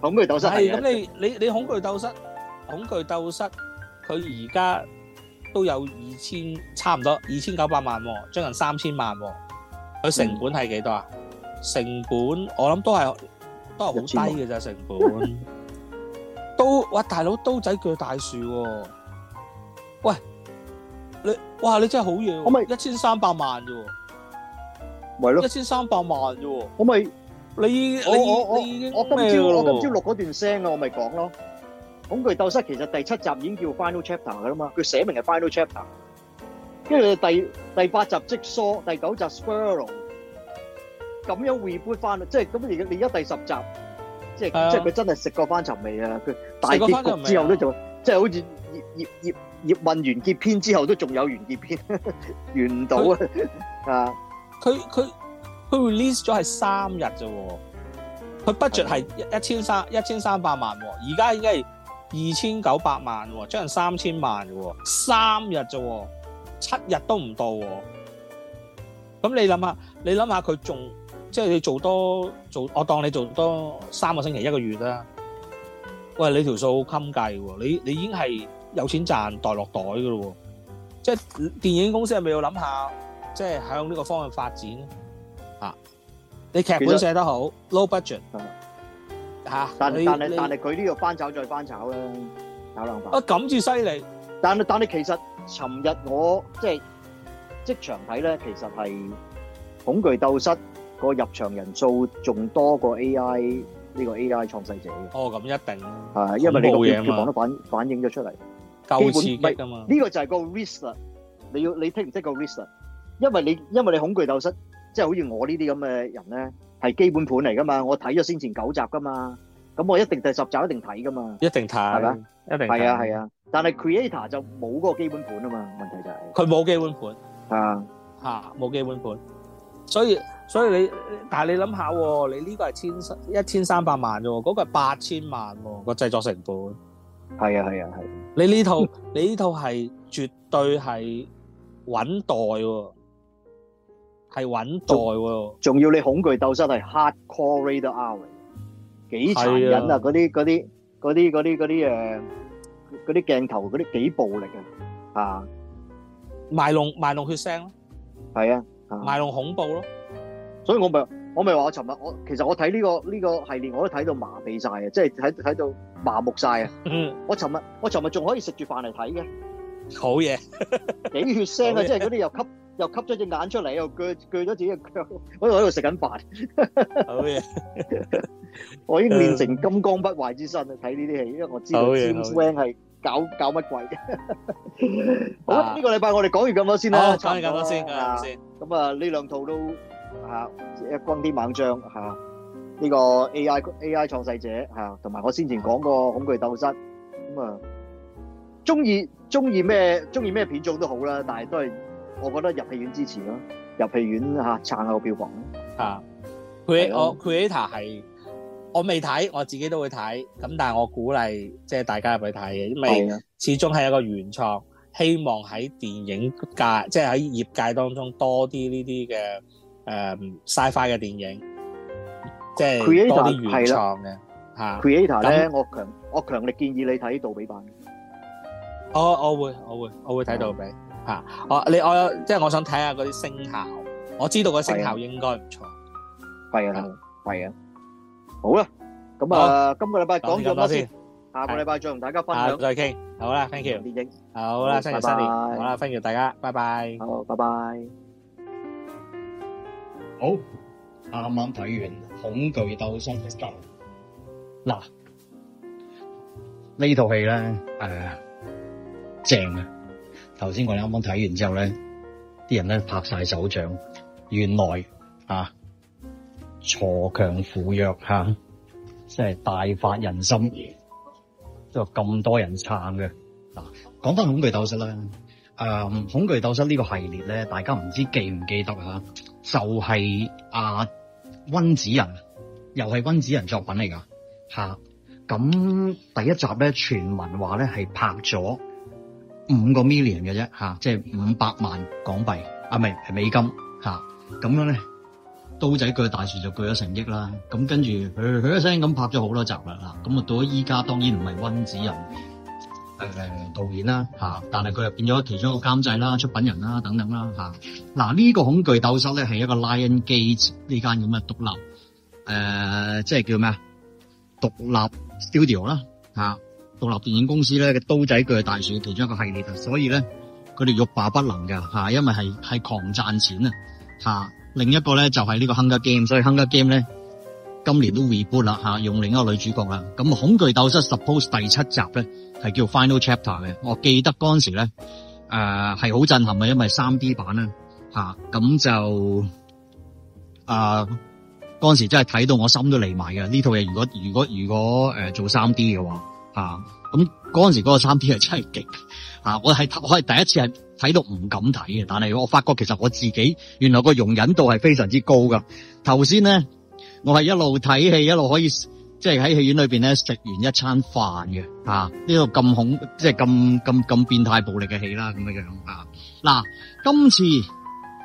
恐懼鬥室。係咁，你你你恐懼鬥室恐懼鬥室，佢而家。都有二千差唔多二千九百萬、喎，將近三、哦啊嗯、千萬。佢成本係幾多啊？成本我諗都係都係好低嘅咋成本。刀哇大佬刀仔鋸大樹，喂你哇你真係好嘢，我咪一千三百萬啫、喎，咪咯一千三百萬啫、喎，我咪你你我我我你已經我今朝我今朝錄嗰段聲啊，我咪講咯。恐懼鬥室其實第七集已經叫 final chapter 㗎喇嘛，佢寫明係 final chapter，跟住第第八集即疏，第九集 spiral，咁樣 reboot 翻啦，即係咁而家你而家第十集，即係即係佢真係食過翻尋味啊？佢大結局之後都仲，即係好似葉葉葉葉問完結篇之後都仲有完結篇，完唔到啊！啊，佢佢佢 release 咗係三日啫，佢 budget 係一千三一千三百萬，而家已經係。二千九百萬喎，將近三千萬喎，三日啫喎，七日都唔到喎。咁你諗下，你諗下佢仲即係你做多做，我當你做多三個星期一個月啦。喂，你條數好襟計喎，你你已經係有錢賺袋落袋嘅咯喎。即係電影公司係咪要諗下，即係向呢個方向發展啊？你劇本寫得好，low、no、budget。吓！但係但係但係佢呢個翻炒再翻炒啦，炒兩把。啊，咁至犀利！但係但係其實尋日我即係職場睇咧，其實係恐懼鬥室個入場人數仲多過 A I 呢個 A I 創世者嘅。哦，咁一定係，因為你個表表講都反反映咗出嚟，夠刺激噶嘛？呢個就係個 risk 啦，你要你聽唔聽個 risk？因為你因為你恐懼鬥室，即係好似我呢啲咁嘅人咧。係基本盤嚟噶嘛，我睇咗先前九集噶嘛，咁我一定第十集一定睇噶嘛，一定睇係嘛，一定係啊係啊，但係 creator 就冇嗰個基本盤啊嘛，問題就係佢冇基本盤啊嚇冇、啊、基本盤，所以所以你但係你諗下喎，你呢個係千一千三百萬啫喎，嗰、嗰個係八千萬、嗰個製作成本，係啊係啊係、啊，你呢套 (laughs) 你呢套係絕對係穩代喎。係穩在喎，仲要你恐懼鬥室係 hardcore rated R，幾殘忍啊！嗰啲嗰啲嗰啲嗰啲嗰啲誒，嗰啲鏡頭嗰啲幾暴力啊！吓，賣弄賣弄血腥咯，係啊，賣弄恐怖咯。所以我咪我咪話我尋日我其實我睇呢個呢個系列我都睇到麻痹晒啊，即係睇睇到麻木晒啊。嗯，我尋日我尋日仲可以食住飯嚟睇嘅，好嘢，幾血腥啊！即係嗰啲又吸。又吸咗隻眼出嚟，又鋸鋸咗自己嘅腳。我喺度食緊飯，好嘢！我已經練成金剛不壞之身啊！睇呢啲戲，因為我知道《James Wan》係搞搞乜鬼。好啦，呢個禮拜我哋講完咁多先啦。好，講完咁多先啊。咁啊，呢兩套都啊，《轟天猛將》嚇，呢個 A I A I 創世者嚇，同埋我先前講過《恐懼鬥室》咁啊，中意中意咩中意咩片種都好啦，但係都係。我覺得入戲院支持咯，入戲院吓撐下個票房咯吓。佢、啊、我 creator 係我未睇，我自己都會睇。咁但係我鼓勵即係、就是、大家入去睇，因為始終係一個原創，希望喺電影界即係喺業界當中多啲呢啲嘅誒，sci fi 嘅電影，即、就、係、是、多啲原創嘅吓。creator 咧、嗯，我強我強烈建議你睇杜比版。我我會我會我會睇杜比。吓，我你我即係我想睇下嗰啲聲效，我知道個聲效應該唔錯。係啊，係啊。好啦，咁啊，今個禮拜講咗先，下個禮拜再同大家分享再傾。好啦，thank you。好，新年新年，好啦，thank you 大家，拜拜。好，拜拜。好，啱啱睇完《恐懼鬥室 X》嗱，呢套戲咧誒，正啊！頭先我哋啱啱睇完之後咧，啲人咧拍晒手掌，原來啊，鋤強扶弱吓，真係大發人心，都有咁多人撐嘅。嗱，講翻恐懼鬥室啦，誒，恐懼鬥室呢個系列咧，大家唔知記唔記得吓？就係阿温子仁，又係温子仁作品嚟噶吓。咁、啊、第一集咧，傳聞話咧係拍咗。五個 million 嘅啫吓，即係五百萬港幣，啊唔係美金吓，咁、啊、樣咧刀仔鋸大樹就鋸咗成億啦，咁、啊、跟住佢一聲咁拍咗好多集啦，咁啊就到咗依家當然唔係温子仁誒、呃、導演啦吓、啊，但係佢又變咗其中一個監製啦、出品人啦、啊、等等啦吓，嗱、啊、呢、這個恐懼鬥室咧係一個 lion gates 呢間咁嘅獨立誒、呃、即係叫咩啊獨立 studio 啦吓。啊獨立電影公司咧，嘅刀仔鋸大樹其中一個系列，所以咧佢哋欲罷不能噶吓因為係係狂賺錢啊吓。另一個咧就係呢個《Hunger Game》，所以《Hunger Game》咧今年都 reboot 啦吓，用另一個女主角啦。咁《恐懼鬥室》Suppose 第七集咧係叫 Final Chapter 嘅，我記得嗰陣時咧誒係好震撼嘅，因為三 D 版啦吓，咁就啊嗰陣時真係睇到我心都嚟埋嘅。呢套嘢，如果如果如果誒、呃、做三 D 嘅話。咁嗰陣時嗰個三 D 係真係勁，啊，我係我係第一次係睇到唔敢睇嘅，但係我發覺其實我自己原來個容忍度係非常之高噶。頭先咧，我係一路睇戲一路可以即係喺戲院裏邊咧食完一餐飯嘅，呢個咁恐即係咁咁咁變態暴力嘅戲啦咁樣樣啊。嗱，今次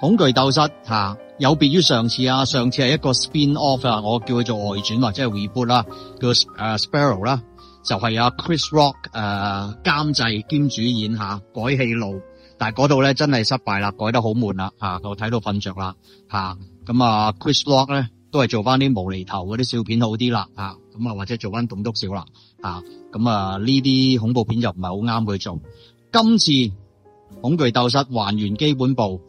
恐懼鬥室吓有別於上次啊，上次係一個 spin off 啊，我叫佢做外傳或者係 reboot 啦、啊，叫誒 spiral 啦、啊。就係、是、阿 Chris Rock 誒監製兼主演吓、啊、改戲路，但係嗰度咧真係失敗啦，改得好悶啦吓，我、啊、睇到瞓着啦吓，咁啊，啊 Chris Rock 咧都係做翻啲無厘頭嗰啲笑片好啲啦吓，咁啊，啊或者做翻棟篤笑啦吓，咁啊呢啲、啊啊、恐怖片就唔係好啱佢做。今次恐懼鬥室還原基本部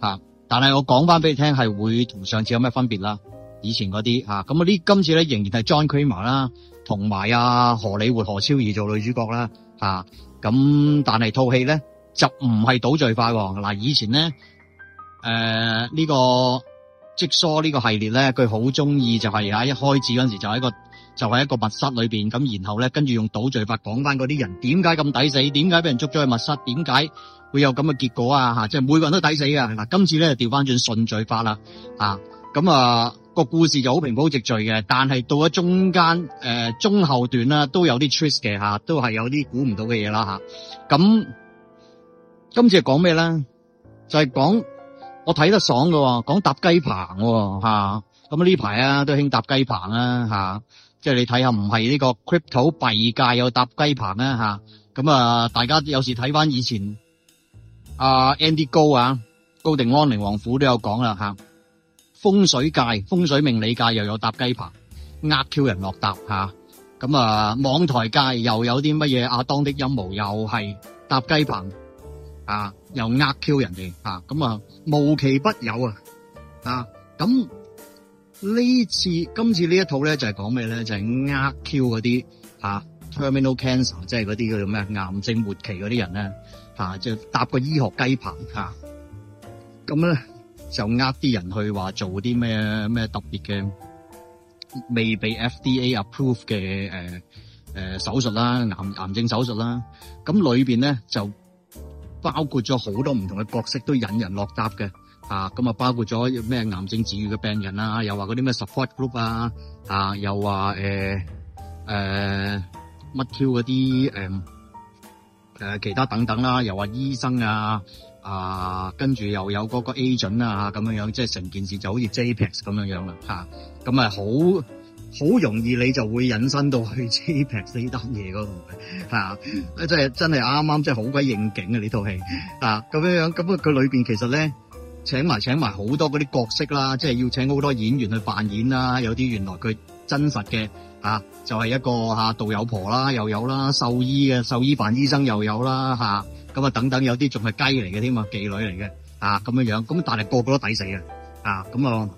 吓、啊，但係我講翻俾你聽係會同上次有咩分別啦？以前嗰啲吓，咁啊呢、啊、今次咧仍然係 John Kramer 啦。同埋呀，荷里活何超儀做女主角啦，吓、啊、咁、啊，但係套戲咧就唔係倒敘法喎。嗱、啊，以前咧，誒、呃、呢、這個即疏呢個系列咧，佢好中意就係家一開始嗰陣時就喺個就係一個密室裏邊，咁、啊、然後咧跟住用倒敘法講翻嗰啲人點解咁抵死，點解俾人捉咗去密室，點解會有咁嘅結果啊？吓、啊，即、就、係、是、每個人都抵死啊！嗱，今次咧就調翻轉順序法啦，咁啊。啊啊個故事就好平鋪直敘嘅，但係到咗中間誒、呃、中後段啦、啊，都有啲 trick 嘅吓、啊，都係有啲估唔到嘅嘢啦吓。咁、啊嗯、今次係講咩咧？就係、是、講我睇得爽喎、哦，講搭雞棚喎吓。咁呢排啊，啊，、嗯、啊，啊都興搭雞棚啦吓，即係你睇下唔係呢個 crypto 幣界又搭雞棚啦吓。咁啊，啊，大家有時睇翻以前阿、啊、Andy 高啊高定安寧王府都有講啦吓。啊風水界、風水命理界又有搭雞棚，呃 Q 人落搭吓，咁啊，啊網台界又有啲乜嘢？阿、啊、當的陰謀又係搭雞棚，啊又呃 Q 人哋吓，咁啊，啊無奇不有啊，啊咁呢次今次呢一套咧就係講咩咧？就係呃 Q 嗰啲吓 terminal cancer，即係嗰啲叫做咩癌症末期嗰啲人咧吓、啊，就搭個醫學雞棚吓，咁、啊、咧。就呃啲人去話做啲咩咩特別嘅未被 FDA approve 嘅誒誒、呃呃、手術啦，癌癌症手術啦，咁裏邊咧就包括咗好多唔同嘅角色，都引人落搭嘅啊！咁啊，包括咗咩癌症治癒嘅病人啊，又話嗰啲咩 support group 啊，啊，又話誒誒乜 Q 嗰啲誒誒其他等等啦、啊，又話醫生啊。啊，跟住又有嗰個 agent 啊，咁、啊、樣樣，即係成件事就好似 J.P.X. 咁樣樣啦，吓，咁啊，好好容易你就會引申到去 J.P.X. 呢單嘢嗰度吓，即係真係啱啱，真係好鬼應景啊呢套戲，啊，咁、啊、樣、嗯嗯啊啊、樣，咁啊，佢裏邊其實咧，請埋請埋好多嗰啲角色啦，即係要請好多演員去扮演啦，有啲原來佢真實嘅、啊，就係、是、一個吓、啊、導遊婆啦，又有啦，獸醫嘅獸醫扮醫生又有啦，吓、啊。咁啊，等等有啲仲係雞嚟嘅添嘛，妓女嚟嘅啊，咁樣樣，咁但係個個都抵死嘅啊，咁啊，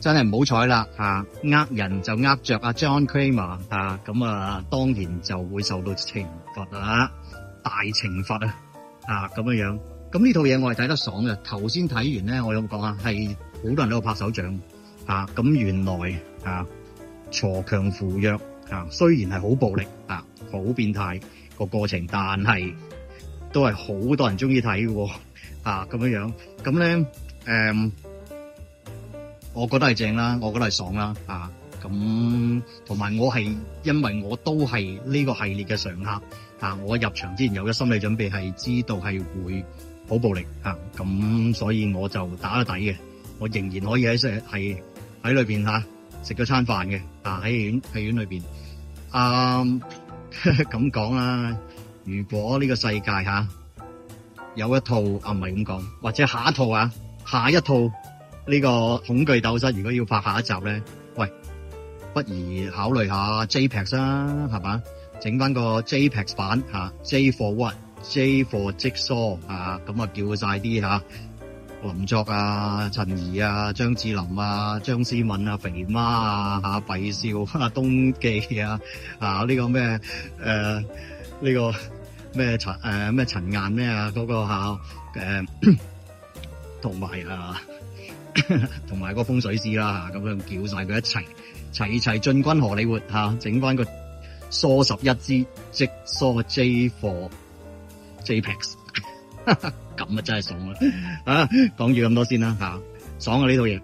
真係唔好彩啦啊，呃人就呃著阿 John Kramer 啊，咁啊，當然就會受到懲罰啊，大懲罰啊，說說啊，啊咁樣樣，咁呢套嘢我係睇得爽嘅，頭先睇完咧，我有講啊，係好多人都拍手掌啊，咁原來啊，鋤強扶弱啊，雖然係好暴力啊，好變態個過程，但係。都係好多人中意睇嘅，啊咁樣樣，咁咧，誒、嗯，我覺得係正啦，我覺得係爽啦，啊，咁同埋我係因為我都係呢個系列嘅常客，啊，我入場之前有咗心理準備，係知道係會好暴力，咁、啊啊、所以我就打底嘅，我仍然可以喺即係喺裏邊吓食咗餐飯嘅，啊喺、啊、戲院戲院裏邊，啊咁講啦。呵呵如果呢個世界吓、啊、有一套啊，唔係咁講，或者下一套啊，下一套呢個恐懼鬥室，如果要拍下一集咧，喂，不如考慮下 JPEX 啦，係嘛？整翻個 JPEX 版，吓 J for what，J for Jigsaw 啊，咁啊，jigsaw，啊叫晒啲吓林作啊、陳怡啊、張智霖啊、張思敏啊、肥媽啊、阿畢少、阿東記啊、啊呢、啊啊啊這個咩誒呢個。咩陳誒咩陳岩咩啊嗰個吓誒，同埋啊，同埋、啊、個風水師啦，咁、啊、樣叫晒佢一齊，齊齊進軍荷里活吓，整、啊、翻個梳十一支即梳 J Four，JPEX 咁啊真係爽啦啊！講住咁多先啦吓、啊，爽啊呢套嘢。